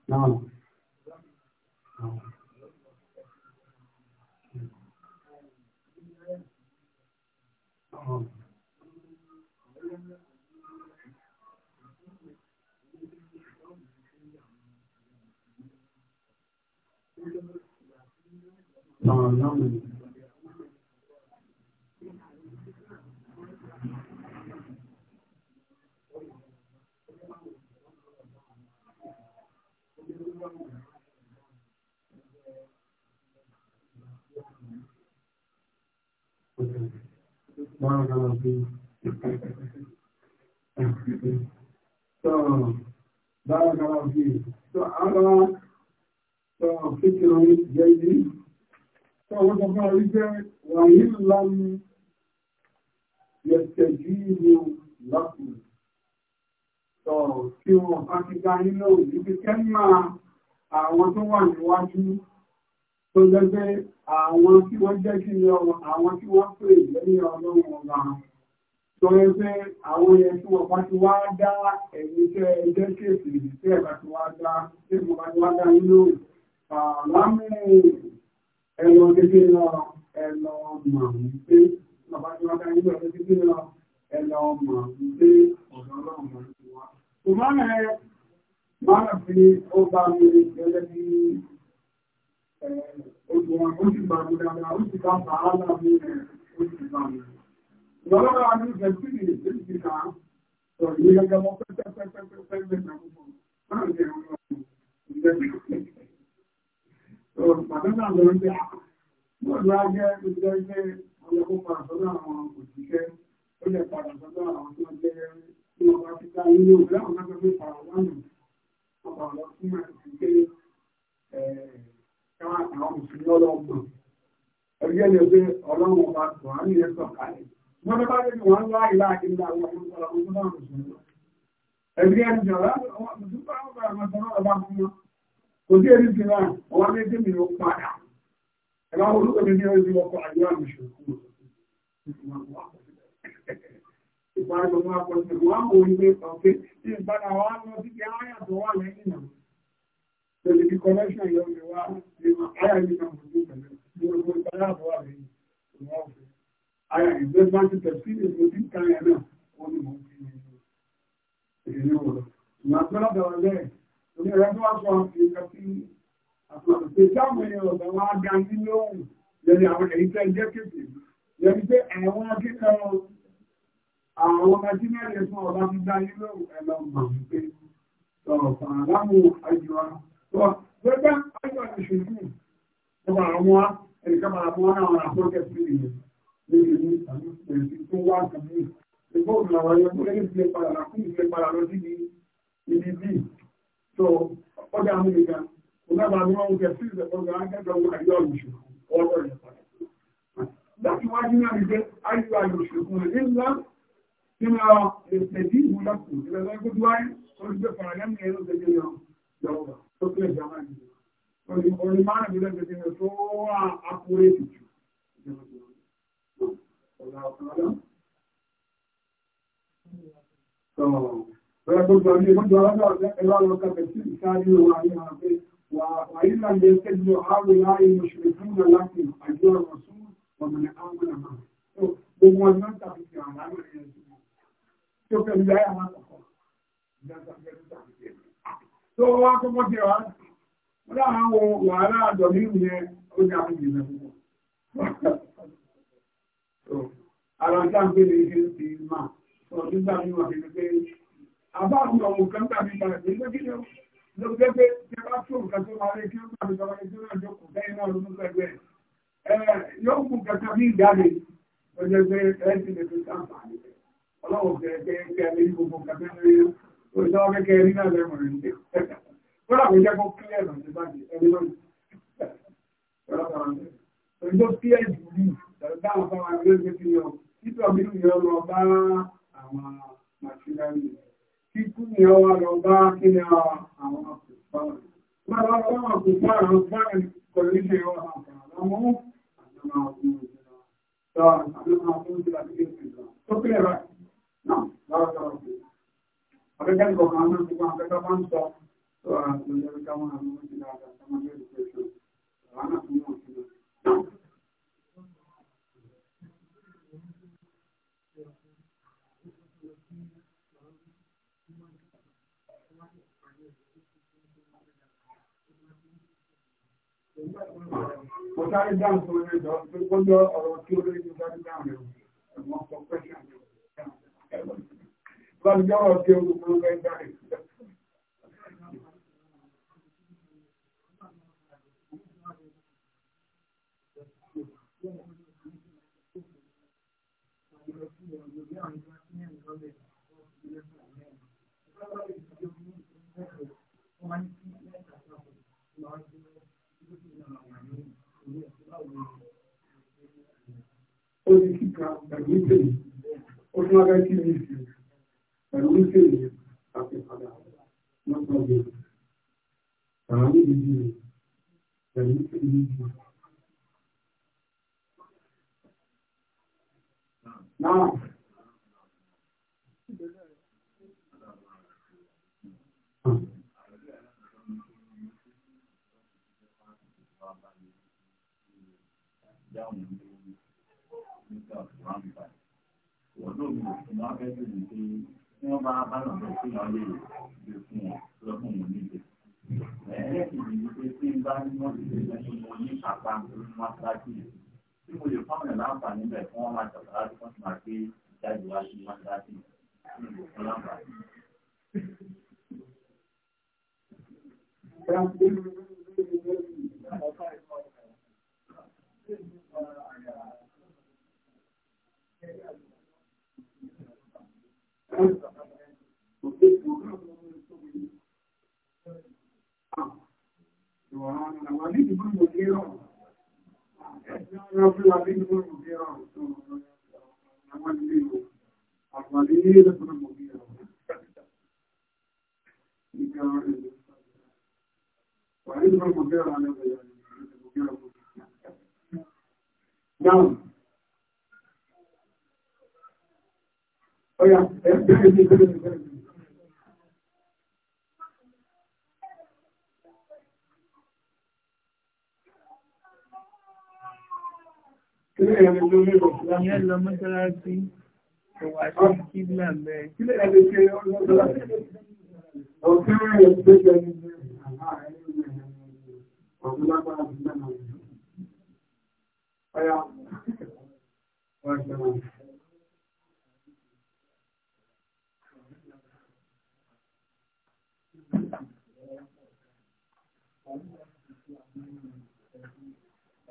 Now, No, no, no. wọ́n ń rán bí so báwọn kan wọ́n bí so àwọn so fíkìrò jẹ́ ibi so wọ́n tó fún orí jẹ́ wàyí lánú yẹ̀tẹ̀jú ìlú lọ́pù so kí àwọn tó wà níwájú tó jẹ́ pé àwọn tí wọ́n jẹ́ kí ni ọmọ àwọn tí wọ́n pè lẹ́yìn ọlọ́run ọba tó yẹ pé àwọn yẹn tí wọ́n bá ti wá dá ẹ̀yìn tẹ́ ẹjẹ́ kéèsì tí ẹ̀ bá ti wá dá tí mo bá ti wá dá nínú àlámù ẹ̀rọ kékeré lọ ẹ̀lọ mọ̀ wípé bàbá tí wá dá nínú ẹ̀rọ kékeré lọ ẹ̀lọ mọ̀ wípé ọ̀dọ́ ọlọ́run mọ̀ wípé wá. Tòmọ́nà ẹ̀ máa fi ó bá mi gẹ́gẹ́ Oṣùwọ̀n ó sì gbà mí dáadáa, ó sì bá bàálà mi rẹ̀, ó sì bá mi. Ìyọ́lọ́wọ́ a ní ìfẹ̀sí ìrìn tó ti kà á. Sọ ìyé gẹ́gẹ́ mọ́ pẹ́pẹ́pẹ́pẹ́pẹ́ ìgbẹ̀mọ́. Máa ń jẹ́ ọmọ ọ̀sùn. Sọ pàdánà lọ ń bẹ́ àpá. Mọ́ ìlú ajẹ́ ìjẹ́ ọlọ́kọ́ padà sọ́dọ̀ àwọn òṣìṣẹ́. Ó lè padà sọ́dọ̀ àwọn tó ń jẹ́ ní ọba àwọn mùsùlùmí ọlọ́gbọ̀n ẹgbẹ́ ni pé ọlọ́run ọba tó á nílé sọ̀kalẹ̀ wọ́n tó bá dé bí wọ́n láì láàkí ńlá àwọn ọmọdé ọmọdé mùsùlùmí ẹgbẹ́ ni jọ̀rọ̀ kò sí èrí sí náà ọwọ́ méjì mi ló padà ẹ̀rọ olúkọ mi ní orí ọkọ̀ àjọ àmìṣòkú ìpàdé wọn àpọ̀ṣẹ̀ wọn àwọn orí pé ọ̀pẹ́ tí ìpadà wọn lọ sí kí áyà tó wà lẹ́yìn náà lórí bí connection yọ mi wá nínú àyà mi náà mọ̀ ní ìpẹ̀lẹ̀ ní gbogbo ìpẹ̀lẹ̀ àbọ̀ wà lẹ́yìn ìwọ̀n ọ̀fẹ́. àyà investment tẹ̀sílẹ̀ mo ti ń kan yẹn náà ó ní mo ti yẹn lọ. èyí ò lọ. ìmọ̀ àgbẹ̀rẹ̀ bẹ̀rẹ̀ lẹ́yìn omi ẹ̀rọ tó wá sọ nǹkan sí àpàlùpé táwọn èèyàn ọ̀gá wa ga sí lóhùn lẹ́yìn àwọn èyí tẹ́ jẹ́ kéde lẹ́yìn pé àwọn akẹ́kọ̀ọ́ àwọn ti dá yín lóhùn ẹ̀ pé sọ̀rọ̀ fàálámù àjọ Gbẹ́gbẹ́ ayọ̀ ìṣèjú ọba àwọn ẹnìkan máa mọ́ àwọn àpọ́jẹ́ sí ìlú lórí ní àmúṣe tó wá kàmú. Ẹgbẹ́ òun àwọn ayọ̀ tó lẹ́yìn ìfilẹ̀ padà láti ìfilẹ̀ padà lọ sí ibi bí. So ọjà Amẹ́ríkà, ọ̀gábà ni wọ́n ń jẹ sí ìfẹ́ ọjà akẹ́kọ̀ọ́ ayọ̀ ìṣèjú ọwọ́ rẹ̀ padà. Láti wájú náà ni pé ayọ̀ ìṣèjú rẹ̀ ńlá nínú ìṣèjú ìwúlọ́kùn ìrẹ̀lẹ́gbẹ̀dúwárí olùgbé fàràgẹ́mì ẹ̀rọ tó kílẹ̀ ìjọba nìyẹn orin márùn ún lẹ́gbẹ̀ẹ́ ti tó wà ápúrẹ́ ìjù Bẹ́ẹ̀ gbogbo àmì ìgbọ́jọ́ alájọ́ ẹ̀rọ ọ̀kà bẹ̀tí ìsáàrí wà ní àwọn pé wà ìlà ń bẹ̀ẹ́ tẹ́lú ààrẹ láàrin mọ̀ṣẹ̀lẹ̀ fún ìlà láti àjọ ọ̀rọ̀ sún ọmọdé àwọn àmà. Gbogbo ọjọ́ ń tàbí ti àwọn àmà ẹ̀yẹ tó wá kọ́kọ́ tẹ wá wàhálà àjọ nínú yẹn ó ní àwọn ara ń dáhùn ní ṣe ń máa sọ nígbà pé ọmọ kan tàbí ìbára ìgbé pé kí ló gbé pé tí a bá tó nǹkan tó máa kí ó náà yóò kẹta bí pé ti lè òṣèlú akẹ́kẹ́ rí náà lẹ́mọ̀ rí ní kọ́lá kò jẹ́ kó kílẹ̀ lọ sí báyìí ẹni lọ́nà ẹni tó kílẹ̀ jù ní dáhùn fáwọn akẹ́kẹ́ fi yọ títọ́ bí mi ọ lọ bá àwọn màṣíláì kíkú mi ọ wá lọ bá kí ni àwọn akùnfààrùn máa lọ bá àwọn akùnfààrùn fáwọn kọ̀lẹ́ṣẹ̀ ọ àmọ́ àjọmọ̀ ọkùnrin ìjọba tó àjọmọ̀ ọkùnrin ìjọba tó kílẹ̀ báyìí náà lọ́wọ́ akẹ́kẹ́ kọ̀ọ̀kan àwọn akẹ́kọ̀ọ́ akẹ́kọ̀ọ́ máa ń sọ tó àwọn akẹ́kọ̀ọ́ káwọn àwọn ọmọ ìlú àgbà sọmọ ní education àwọn àti wọn sí náà. Mo sáré dáhùn fún ẹgbẹ́ ìjọ tó gbọ́dọ̀ ọ̀rọ̀ tí ó lórí ìjọba dáhùn rẹ̀ ẹ̀gbọ́n Lágbára bí olùkúrú mẹ́gbà ìsìnkú. Orí kíkà, ẹ̀gbẹ́ ìpè, ó tún wá kí ní ìsìn pẹ̀lú wípé ìyẹn àti padà lọ́pọ̀ gbé àwọn níbi bí i pẹ̀lú wípé ìyẹn jù. Náà náà mọ̀ tí wọ́n bá bá lọ sí ìyàn lè lè fún wọn lọ fún wọn níbẹ̀. ẹlẹ́kìnrin ni pé tí n bá ní wọ́n ti ṣe fún wọn ní kápá lórí tí mo lè fọ́nà láǹfààní bẹ̀ fún wọn máa láti fọ́n ti máa gbé wá sí mọ́ṣáláṣí tí mo fọ́n láǹfààní. Thank you. Now, Ọya, ẹgbẹ̀rẹ̀ ìgbẹ̀rẹ̀ ìgbẹ̀rẹ̀. Kílẹ̀ ẹ̀rẹ̀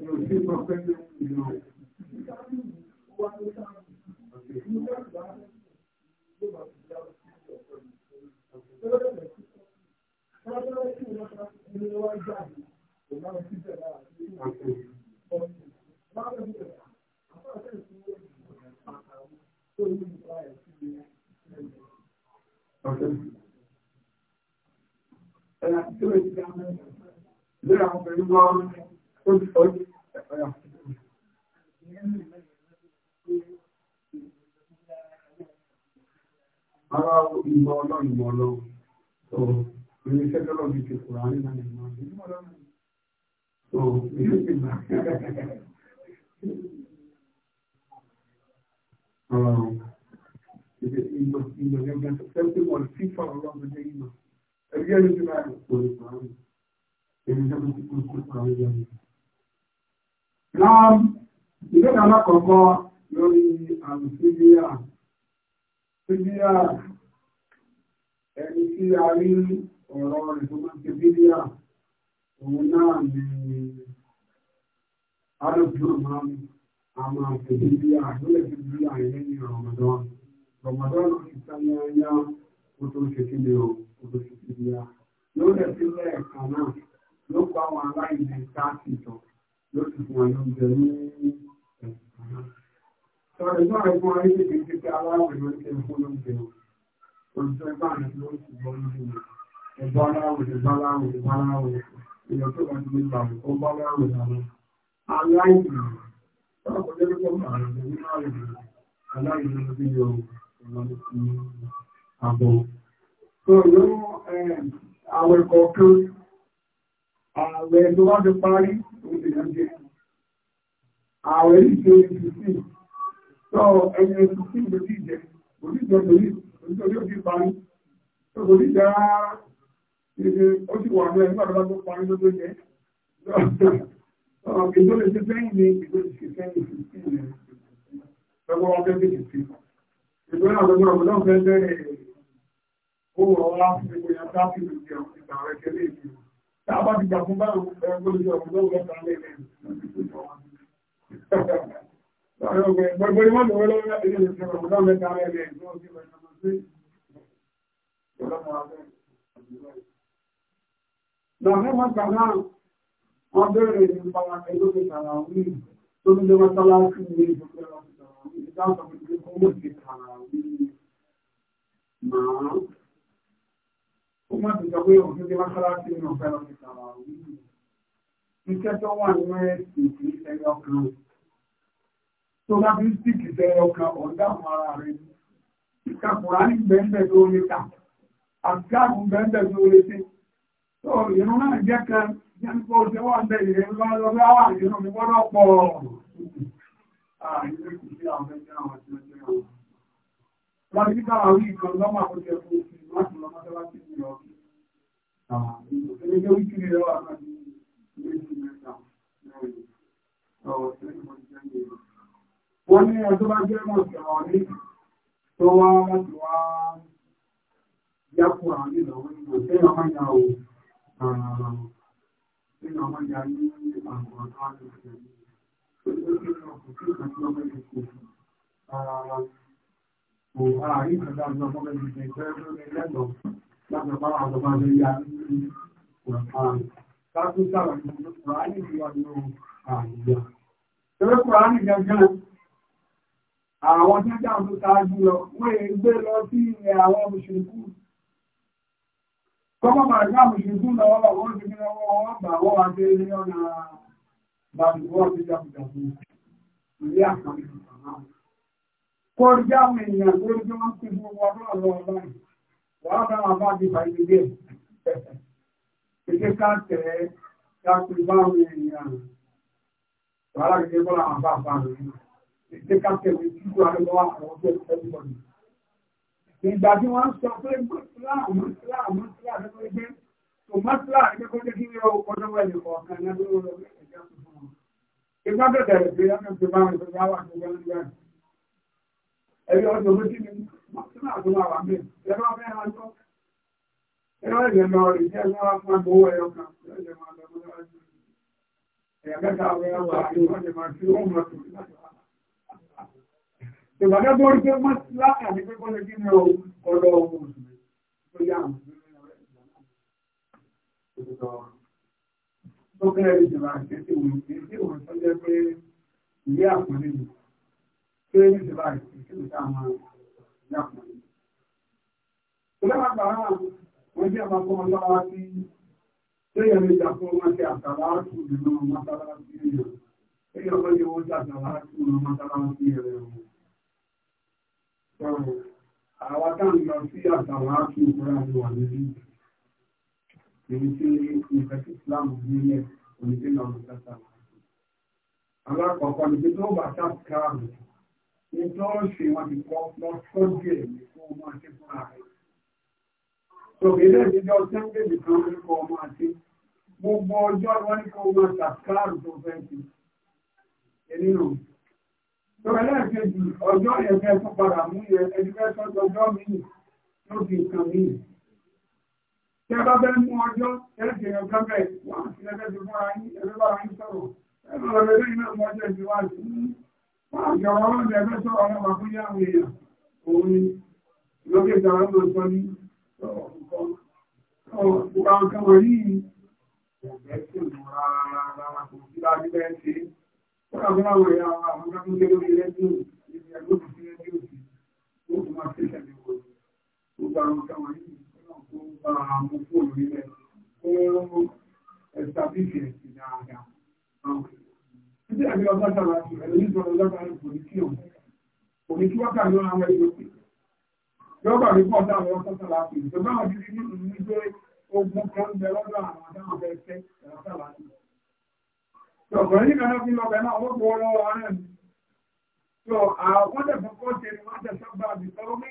Ẹ̀rọ tí ó ti dáná, lórí àwọn pẹ̀lú wọ́n Ara ìmọ̀ ọlọ́run ìmọ̀ ọlọ́run. So, irinṣẹ́ lọ́rọ̀ bíi ti kùrà ní náà ìmọ̀ ọlọ́run. So, irinṣẹ́ ìmọ̀ ọlọ́run. Ìmọ̀ ìmọ̀ gẹ́gẹ́ tó fẹ́ pé wọ́n fífà ọlọ́run jẹ́ ìmọ̀. Ẹgbẹ́ ìrìnṣẹ́ láàrín kò lè pàrọ̀. Irinṣẹ́ tó Náà ìgbẹ́ta alákọ̀ọ́kọ́ lórí àrùn síbíà. Síbíà ẹni tí a rí ọ̀rọ̀ rẹ̀ tó máa ń ṣe bíbíà, òun náà ni alùpùpù máa ń a máa ṣe bíbíà lórí ti bíbíà ilé ní Ramadan. Ramadan ló ti sáyé ayá kó tó ṣe kí ni o, kó tó ṣe bíbíà. Lórí ẹ̀sìn lẹ́ẹ̀kan náà ló pa àwọn aláìní káàkiri ló ti fún àwọn oúnjẹ ní àwọn ẹ̀kọ́ kan ààrẹ tó wá fi parí oúnjẹ ààrẹ ìṣe ìṣìṣì tó ẹni ìṣìṣì ló ti jẹ oníjẹ lórí ó ti parí tó kò ní jẹ rárá ó sì wà ní ẹgbẹ́ àdúgbò tó parí lójó jẹ ìjọ lè ṣe sẹ́yìn ní ìjọ lè ṣe sẹ́yìn ìṣìṣì rẹ̀ lọ́wọ́ wọn fẹ́ bí ìṣìṣì ìgbẹ́ àwọn ọmọ ọmọ náà fẹ́ bẹ̀rẹ̀ ó wọ̀ wá fún ìgbéyàwó sáfì lójú àwọn ìgbà rẹ̀ kẹ́lẹ́ ìṣìṣì Tàbá ti jà fún báyìí ẹgbẹ́ ìjọ ọ̀gbọ́n lọ́ta lẹ́yìn. Gbogbo ìmọ̀ ìwé lọ́wọ́ ilé ìjọ ọ̀gbọ́n lọ́ta lẹ́yìn. Lọ́wọ́ mọ́ta náà, wọ́n bẹ̀rẹ̀ nípa ẹgbẹ́ ó má ti sọ pé òun tó dé mọ́sálásí náà fẹ́ lọ sí sàrà òun iṣẹ́ tó wà nínú ẹ̀sìn kì í ẹyọ kan tó bá fi stíìkì fẹ́ ẹyọ kan ọ̀dà àwọn ara rẹ̀ ìkàkùnrà ní gbẹ̀ǹdẹ̀ tó lè ta àgbàgùn gbẹ̀ǹdẹ̀ tó lè ṣe tó ìrún náà jẹ́ kan jẹ́ nípa oṣù wà bẹ̀ ìrẹ́ ńlá lọ́wọ́ àwọn ìrún mi gbọ́dọ̀ pọ̀ Wọ́n ní kí bá àwọn ìkan lọ́mọ àkójọ fún òfin láti Wọ́n ní ọjọ́ bá jẹ́ mọ̀ sí àwọn ní tó wá láti wá àwọn nílò wọn ní ọ̀sẹ̀ ọmọ ìyá o. Nínú ọmọ ìyá ní àwọn ní ọkùnrin kan tí àárín ìgbàgbà ọjọ́ ọmọ ẹgbẹ̀rún ẹgbẹ̀rún lẹ́tọ̀ọ́ láti ọ̀pá àwọn ọmọ ẹgbẹ̀rún yá ní ọ̀pààrùn. Káàkiri sára ní ọjọ́ ya ìlú ọdún àìyá. Ẹgbẹ́ ya àwọn tí ṣáájú lọ, wọ́n gbé lọ sí ilẹ̀ àwọn ti wọ́n wá dé ọ̀nà bàbí wọ́n ti ilé kọjá àwọn èèyàn tó jẹ́ wọ́n ti fún wọn lọ́wọ́ ọlọ́run wàá bá wọn bá di fàyè díẹ̀ kékeré ká tẹ̀ ẹ́ ká pè bá àwọn èèyàn wàhálà kékeré bọ́lá àwọn bá bá rẹ̀ kékeré ká tẹ̀ ẹ́ kí wọ́n lọ́wọ́ àwọn ọjọ́ ìfẹ́lúbọ̀dì. ìgbà tí wọ́n sọ pé mọ́tílà mọ́tílà mọ́tílà lọ́wọ́ ẹgbẹ́ tó mọ́tílà ẹgbẹ́ kó jẹ́ kí wọ́n ọjọ́ wẹ̀ nìkan kan náà lọ́wọ́ ẹgbẹ́ ẹ̀rí ọjọ́ ló kí ni mọ́tínà tó máa wà mẹ́rin ẹ̀rọ fẹ́ ra lọ ẹ̀rọ ẹ̀jẹ̀ lọ rí jẹ́ lọ́wọ́ fún agbó ẹ̀yọ kan ẹ̀jẹ̀ máa lọ lọ́wọ́ ẹ̀yà mẹ́ta ọ̀rẹ́ ọ̀rẹ́ ọ̀rẹ́ ọ̀rẹ́ máa fi ó mọ̀ tó ìgbàgbẹ́ bó rí pé mọ́ láti àti pé kọ́lé kí ni ọ̀rọ̀ ọ̀hún tó yà wọ́n tó kẹ́rẹ́ ìjọba àti ẹ̀sìn òun ìdí òun tó jẹ́ pé ìwé àpọ́nlé yìí pé ìjọba ìṣèlú tá a máa yàpọ̀. Ìjọba àgbàrá wọ́n jẹ́ àpapọ̀ ọlọ́wọ́ sí téèyàn lè jà fún wọn ṣe àtàlá àtù nínú mọ́sálásí èèyàn. Téèyàn lọ́ yẹ wọ́n ṣe àtàlá àtù nínú mọ́sálásí èèyàn. Sọ̀rọ̀ àwa tá à ń lọ ni wà níbí. Èyí tí ìfẹ́ sí Ìsìlámù nílẹ̀ òní tí pé tó bá ṣàkàrù nítorí ṣe wọ́n ti kọ́ lọ sójú ẹ̀ ní kó máa ṣe fúnra rẹ̀. Tòkèlè ìjọ Sẹ́ńdé nìkan ní kó máa ṣe. Gbogbo ọjọ́ wọn ní kó máa ṣàkáàrù tó fẹ́ ṣe. Èmi nù. Tòkèlè kejì ọjọ́ yẹn fẹ́ tún padà mú yẹn ẹni fẹ́ tún ọjọ́ míì tó fi nǹkan míì. Tí a bá fẹ́ mú ọjọ́ ẹ̀ṣẹ̀ yẹn kábẹ̀ wá sí ẹgbẹ́ ti fúnra yín ẹgbẹ́ Ìjọba ọlọ́dẹ ẹgbẹ́ sọ́rọ̀ ọlọ́pàá fún yáwọn èèyàn, òun ni lókè ìjọba ló sọ ní ọ̀pọ̀ nǹkan wọ̀nyí ọ̀gbẹ́ sí ìmọ̀ rárá rárá kò sí láti bẹ́ẹ̀ ṣe. Ó dàbí láwọn ẹ̀yà àwọn àwọn akẹ́kọ̀ọ́ lórí rẹ́díò níbi ẹgbẹ́ òkú sí rẹ́díò sí ó tún máa títí àmì ọgọ́ta láti rẹ̀ ní ìjọ ọlọ́gbà ìpòlì kí òun òní kí wọ́n kàánú àwọn ẹgbẹ́ òkè lọ́gbà ní pọ̀ sáwọn ọgọ́ta láti ìjọba àwọn jíjí ní ìlú gbé ogun kan bẹ lọ́dọ̀ àwọn adáwọn fẹ́ fẹ́ ẹ̀rọ́ta láti. ọ̀gbọ̀n yìí kan fi lọ́gbà náà wọ́n gbọ́ lọ́wọ́ ààrẹ mi. tó àwọn tẹ̀sán kọ́ ṣe ni wọ́n tẹ̀sán bá àbí sọ́wọ́ mi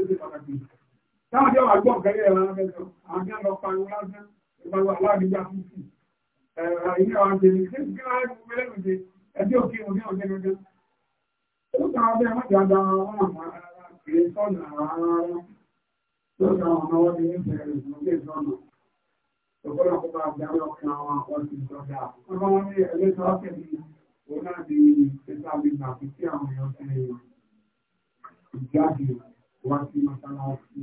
ọ̀gbọ́n mi táwọn jẹ́ wà gbọ́ gẹ́gẹ́ ẹ̀rọ ẹ̀rọ àwọn jẹ́ lọ pariwo lásán ìpariwo aláàbíjà fún sí ẹ̀rọ ilé àwọn jẹ́ ní kí kí láyé fún mi lẹ́nu jẹ ẹbí òkè òní ọ̀jẹ́ gẹ́gẹ́. ó sọ àwọn bẹ́ẹ̀ wọ́n ti àdá wọn àmọ́ ara kìí sọ́nà ara ara tó sọ àwọn ọmọ wọn ti ní bẹ̀rẹ̀ ìgbòkè sọ́nà ògbọ́dọ̀ kó bá darí ọkàn àwọn àwọn ti sọ́dà ọmọ wọn ní ẹlẹ́tọ́ ọ̀sẹ̀ ní òun náà di ìtẹ́sàbíjà àti tí àwọn èèyàn ti jáde wá sí mọ́sálásí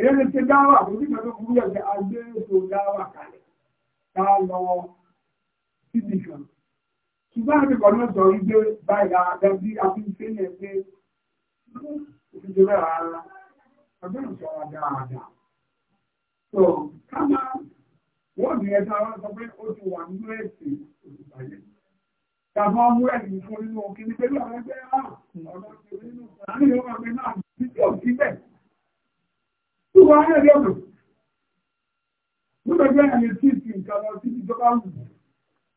èyí ni ti dáwà kò sí ìgbà tó burú ẹ̀jẹ̀ agbé ètò dáwà kalẹ̀ ká lọ síbi kan ṣùgbọ́n àti kọ̀ọ̀nà sọ wípé báyìí àgbà bí a fi ń ṣe yẹn pé òṣìṣẹ́ bẹ́ẹ̀ rárá ọjọ́ ìṣọ́ra dáadáa so ká máa wọ́n ní ẹ̀ta wọn sọ pé ó ti wà nínú ẹ̀sìn òṣìṣẹ́ tàbí ọmú ẹ̀sìn fún nínú òkè ní pẹ̀lú àwọn ẹgbẹ́ n'ụwa wọ́n ayé rẹ̀ mọ̀. Mo lọ gbé ẹni tí ìsìn nǹkan lọ sí ìjọba wù.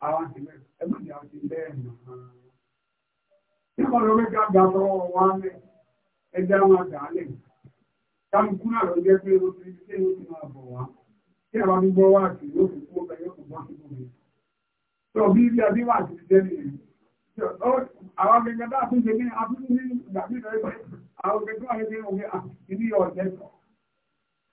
Àwọn àtìlẹ́ ẹ na ní àtìlẹ́ ẹ̀ mọ̀. Tí wọ́n lọ mẹ́ta gbà tọwọ́ wọn mẹ́, ẹ jẹ́ àwọn àgbà alẹ́. Táàmùkú ndị ndị ndị ndị ndị ndị ndị ndị Àwọn akẹ́kẹ́ bá tún ṣe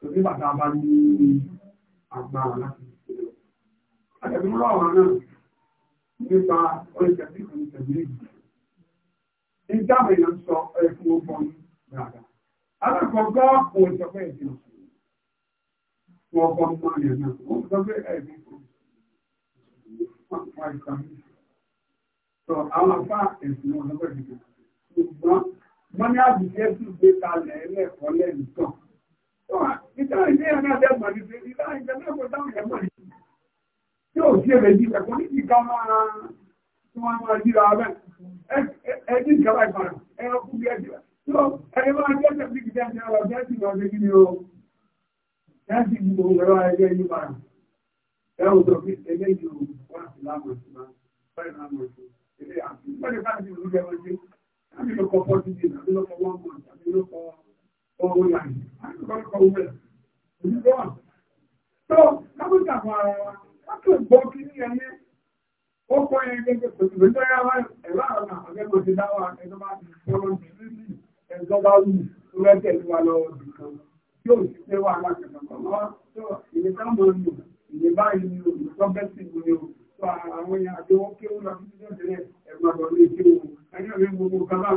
tòbí bàtà bá ní agbára láti ìṣẹ̀lẹ̀. Àtẹ̀dúró ọ̀rọ̀ náà nípa oríṣẹ́ sí ìṣẹ̀lẹ̀ yìí. Ìjábọ̀ èèyàn sọ ẹ̀kún ọgbọ́n dáadáa. Alákọ̀ọ́gọ́ kò sọ pé ẹ̀sìn ọ̀sìn. Wọ́n kọ́ mú ọ̀rẹ́ náà. Wọ́n sọ pé ẹ̀sìn ọ̀sìn. Sọ àwọn afá ẹ̀sìn ọ̀sìn ọ̀sìn ọ̀sìn. Ṣùgbọ́n wọ́n ní àbùkẹ́ sì gbé ìtàn ìdí ẹ̀rọ náà dẹ́gbà ní ìtàn ìdí ẹ̀rọ náà dáhùn ẹ̀mà ní tí ó sí ẹ̀rẹ̀ jíkà kò ní kí ká máa tí wọ́n máa jíra abẹ́ ẹ̀dí ìjọba ìbára ẹ̀rọ kú bí ẹ̀jìrà tí ó ẹ̀rẹ̀ máa jẹ́ ẹ̀jẹ̀ bí kìtẹ́ ẹ̀jẹ̀ ọ̀rọ̀ jẹ́ ìgbà ọ̀dẹ́ kí ni ó ẹ̀sì gbogbo ẹ̀rọ ẹ̀jẹ̀ yìí bára ẹ̀rọ tó fi ẹ̀jẹ̀ yìí wọ́n àti láàmù ẹ̀sìn máa fẹ́ẹ̀ láàmù ẹ̀sìn ẹ̀jẹ̀ àti owó láyé láti kọ́kọ́ owó ẹ̀ òyìnbó wà. tó lábùjá àwọn ara wa wọ́n tó gbọ́ kí ní ẹyẹ ó kọ́ yẹn gẹ́gẹ́ pẹ̀lú ìgbésẹ̀ yà wá ẹ̀rọ àwọn àgbẹ̀mọ̀ ti dá wa ẹ̀jọ́ bá ti fọ́lọ́ ní ìlú ẹ̀jọ́ bá wù tó rẹ́ tẹ̀lé wa lọ nìkan yóò sì pé wà láti kọ̀ọ̀kan wá tó ìyẹn tá mọ̀ ní ìyẹn báyìí ni olùkọ́ bẹ́ẹ̀ sì mú ni o tó àwọn èèyàn àti owó kéwòn lọ sí ìjọ́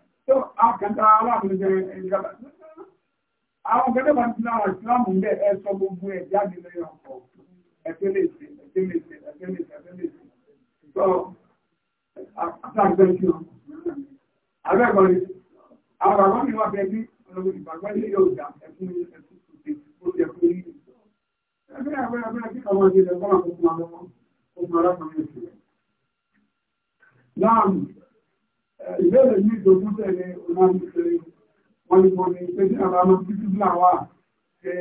tó àkàtà aláàbùnjẹ ìjọba àwọn gẹ́gẹ́ bá ti láwọn ìsìláàmù ń bẹ̀ ẹ sọ gbogbo ẹ̀ jáde lẹ́yìn ọ̀pọ̀ ẹ̀fẹ́ lè ṣe ẹ̀fẹ́ lè ṣe ẹ̀fẹ́ lè ṣe ẹ̀fẹ́ lè ṣe tó àtàgbẹ́ sí ọ ìbẹ̀rẹ̀ ní ìdògún tẹ̀lé onámùsẹ̀ wọ́n ni mo ní pé ní àbámọ́ títí náà wà pé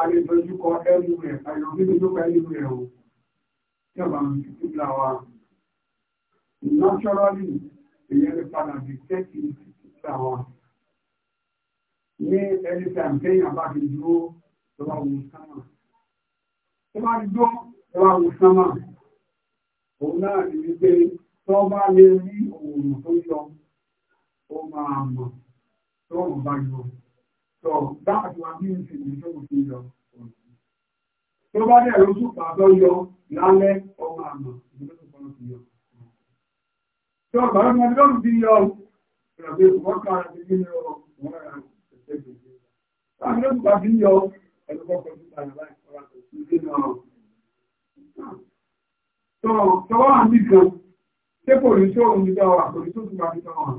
a lè dojú kọ ẹnu rẹ̀ àyọ̀ ní dojú kọ ẹnu rẹ̀ o tí àbámọ́ títí náà wà naturally èyẹ lè padà di tẹ́kì títí náà wà ní ẹni tí a ń kéyàn bá ti dúró òun náà ti rí pé tó bá lè rí òòrùn tó yọ ó máa mọ̀ tó òun bá yọ tó dáàbò wa bí ìsìn ní tó kù sí yọ tó bá dẹ̀ lóṣù pàtó yọ ó máa mọ̀ ìgbésẹ̀ tó kọ́ sí yọ. tó bàbá mi ló ń bí yọ ìrọ̀bí wọ́n ká yọ wọ́n rà ẹ̀ṣẹ̀ gbèsè. báyìí ló ń yọ tọwọ́ à ń bì kan ṣé kò ní tó òun nígbà wà kò ní tó tún bá nígbà wà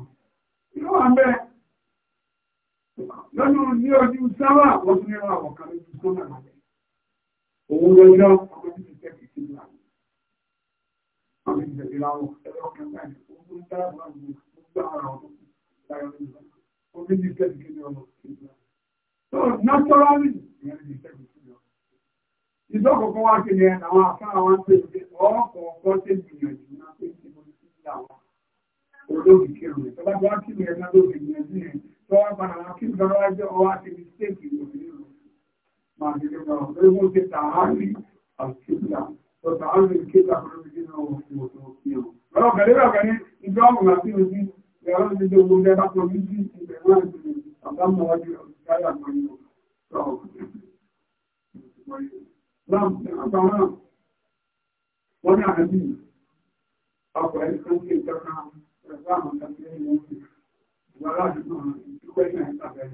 kí ló wà ń bẹ lọ́nà ní ojú sáwà wọ́n tún nínú àwọn kan lójú sọ́nà lábẹ́ òun lọ́jọ́ ọmọ tí ti tẹ́kì sí ìlà àwọn ìjẹ̀bí láwọn ẹ̀rọ kan láì ogun dáàbò àwọn gbogbo ara ọdún láyọ̀ nígbà omi ti tẹ́kì sí ìlà ọmọ tí ti tẹ́kì sí ìlà ìdókòkò wá sí ni àwọn afárá wọn pé ọkọ̀ ọkọ̀ ṣe gbìyànjú náà pé kí mo ti sí àwọn olóògì kírun rẹ̀ tọ́lá wá kí ni ẹ̀ka lóògì gbìyànjú yẹn tó wá padà wá kí nǹkan wá jẹ́ ọwọ́ àti mistake òbí rẹ̀ máa ní kí wọ́n lórí mo ṣe tààrí àkíńdà tó tààrí kíńdà fún mi nínú òfin òfin òfin o. ọ̀rọ̀ kẹ̀lé rẹ̀ kẹ́ni ìjọ ọ̀gbìn àti òbí ẹ̀rọ ti di ogun ẹ̀ka tó ní sí ìbẹ̀ náà ti àbámọ̀ wájú ọ̀gbìn wọ́n ní àdábì ọkọ̀ ẹni kan sí ìjọba ẹ̀fọ́ àwọn ìjọba ẹni wọ́n ti wà láti náà ìdúpẹ́ ní àìsàbẹ̀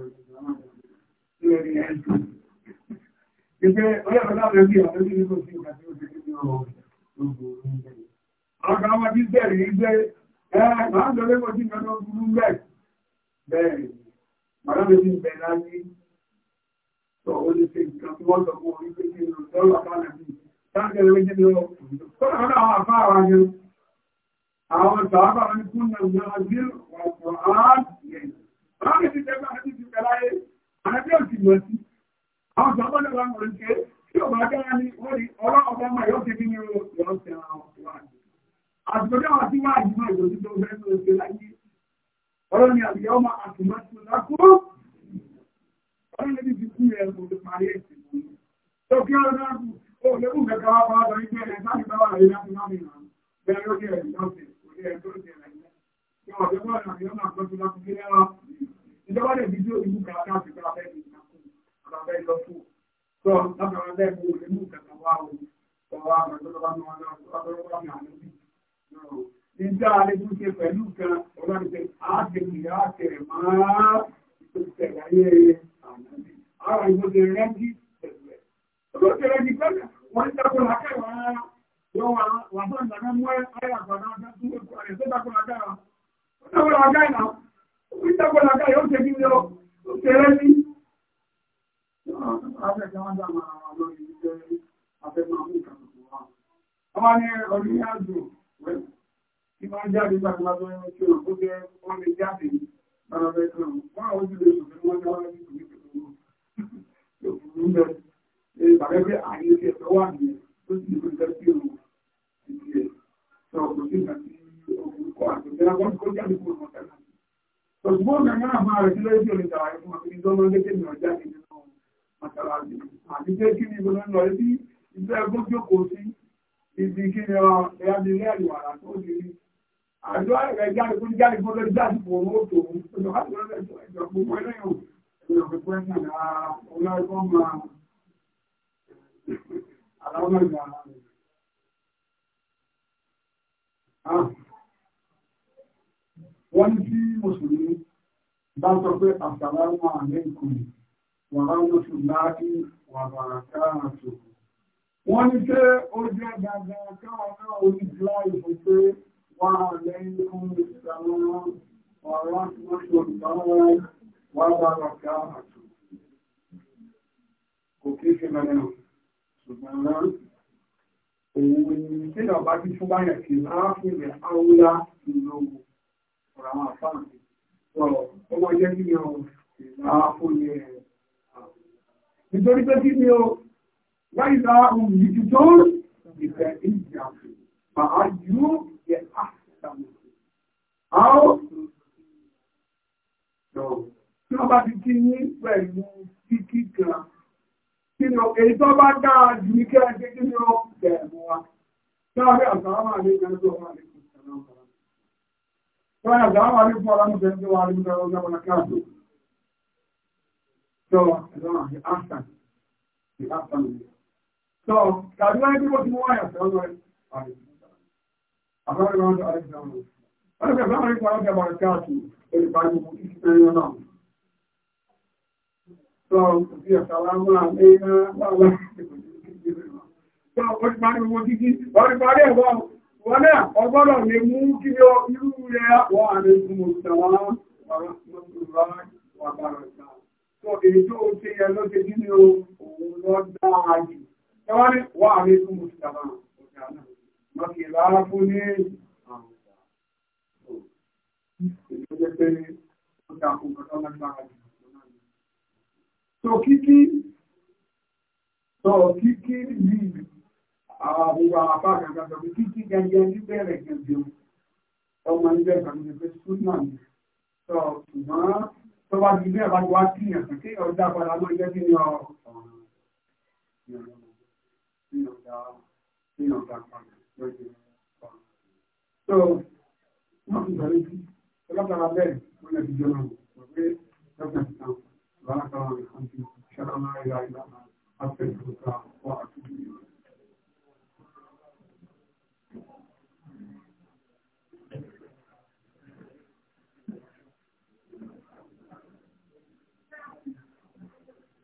tó o lè ṣe nǹkan tí wọ́n sọ fún orí pé kí ló lọ́rọ̀ àbára bí táàkì ẹ̀rọ méjì lọ kọ́nà kọ́nà àwọn àfá ara ni àwọn sàábà wọn kún náà ní ọdí ọ̀pọ̀ ààrẹ láti ti tẹ́gbà àti ti tẹ́lá yé àti òsì lọ sí àwọn sàábà lè wà wọ́n ṣe tí ọba akára ni wọ́n rí ọlọ́ ọba ọmọ yóò ṣe kí ni wọ́n ṣe àwọn ọ̀pọ̀ àti àtìkọ́jọ́ àwọn tí wọ́n àjùmọ̀ ìgbòsí tó fẹ́ Àrẹ́bí ti kú ẹ̀ mọ̀ ló parí ẹ̀sìn mú. Tó kí ọ̀rọ̀ náà kú, ó lẹ́kùn kẹta wá bá bá ìgbẹ́ ẹ̀ láti bá wà rí láti má mi rán. Bẹ́ẹ̀ ló kí ẹ̀ lọ́sẹ̀, kò ní ẹ̀ tó ń tẹ̀lẹ̀ ní. Ìjọba ọ̀dọ́ bọ́ọ̀lù àti ọ̀nà àgbọ̀tún láti kí lẹ́wà. Ìjọba lè fi dúró ìlú kàkà àti kàkà bẹ́ẹ̀ ní ìtàkùn, kàkà bẹ́ẹ̀ lọ fún. Sọ látara bẹ́ẹ̀ mú òun lẹ́mú kàkà wá òun. Ọwọ́ àgbẹ̀tọ́ bá mú wọn náà, ọ̀dọ́ bá mú àlejò. Nígbà àlejò ṣe pẹ̀lú kan, ọ̀gá ara ìwọ́n ti rẹ́gí pẹ̀lú ẹ̀. Ọjọ́ ti rẹ́gí pẹ̀lú wọ́n dákò lákẹ́wàá ara yọ wà bá ìgbàgbà mú ayà àgbàdá ọjọ́ tó wé kọ́ ẹ̀ tó dákò lákẹ́wàá. Ó dákò lákẹ́wàá náà, ó ń dákò lákẹ́wàá yóò ṣe kí ni ó ṣe rẹ́gí. Ọmọ ni ọdún yá dùn, kí máa jáde gbàgbà lọ́wọ́ tí ó rọ̀ tó jẹ́ wọ́n lè jáde ní ọ̀rọ̀ ẹ̀kọ́. Wọ́n àwọn ojúlé ìṣòfin wọ́n jáwọ́ lẹ́yìn lòkùnrin bẹ̀ ẹ bàbá pé àyè ti ẹ̀fẹ́ wà ní ló sì lè fẹ́ sí òun ìdí ẹ̀ sọ kò sí ìgbà tí òun kọ àtúnṣe lápá kó jáde kúrò mọ́ta náà. ṣùgbọ́n ọ̀gá náà máa rẹ̀ sílẹ̀ sí òun ìdàwà ẹ̀fún àti ìdánwò lẹ́kẹ̀ ní ọjà nínú mọ́tàláàbí àti pé kí ni ìbọn lọ sí iṣẹ́ ẹgbẹ́ jókòó sí ibi kí ni ọ̀rẹ́ àbí ilé àlùwàrà tó di àjọ ẹ̀rẹ́ jáde kó jáde kó lọ Wọ́n ní tí Mùsùlùmí bá sọ pé àṣàlámà lẹ́kùn wàrá lóṣù láàrí wàbàrà káàrà tó. Wọ́n ní pé ó jẹ́ gbàgbà káwọn náà orí láì fún pé wà lẹ́kùn ìṣàlọ́wọ́ wàrá lóṣù láàrí wọ́n bá lọ kí á àtò kò kí ṣe mẹ́rin ọ̀ ṣùgbọ́n náà òun ni tí ìlọ bá kí fún báyẹ̀ kí láàfihàn áwúlá ìlú ọ̀rọ̀ àwọn àfáà sọ̀rọ̀ ọmọ jẹ́ kí ni ọ̀rọ̀ ìlàáfóyẹ̀ nítorí pé kí ni ó láì No. tí wọ́n bá ti kí ní pẹ̀lú kíkí kan èyí tó bá dáa jù ní kí ẹgbẹ́ kí ní ó bẹ̀rù wa láàárín àtàwọn àlejò ẹgbẹ́ ọmọ àlejò ìṣẹ̀lẹ̀ ọ̀pọ̀lọpọ̀ Wọ́n àgbà wà fún ọlọ́run tẹ́ tí wà ní اللهم صل علينا وعلى محمد Wọ́n náà ọgbọ́dọ̀ lè mú kí ní irú rẹ̀ wọ́n àrẹ́sùn mọ̀sánwá wàbàràtà. Tó èyí tó ó ṣe yẹ lọ́jẹ́ kí ní òun lọ dáa jù. Tọ́wọ́n ní wà àrẹ́sùn mọ̀sánwá ọ̀gá náà. Mọ̀kìlá fún ní àwọn ọ̀gá. Ìjọ́jẹ́ pé ó dá Tòkíkí, tòkíkí ní àwùwà àpáàkàkà tòkí kíkí gẹ́gẹ́ ní bẹ̀rẹ̀ gẹ́gẹ́ ọmọ ilẹ̀ ìgbàmìnà pé súnmà ní. Tọ́ ṣùgbọ́n tó bá ti bẹ́ẹ̀ bá wá kí ẹ̀sùn kí ọjà padà ló jẹ́ kí ní ọ̀rọ̀ Wọ́n ti bẹ̀rẹ̀ sí, ọlọ́pàá bẹ́ẹ̀ wọ́n lè fi jọ náà, wọ́n بارك الله فيكم اشهد ان لا اله الا الله استغفرك واتوب اليك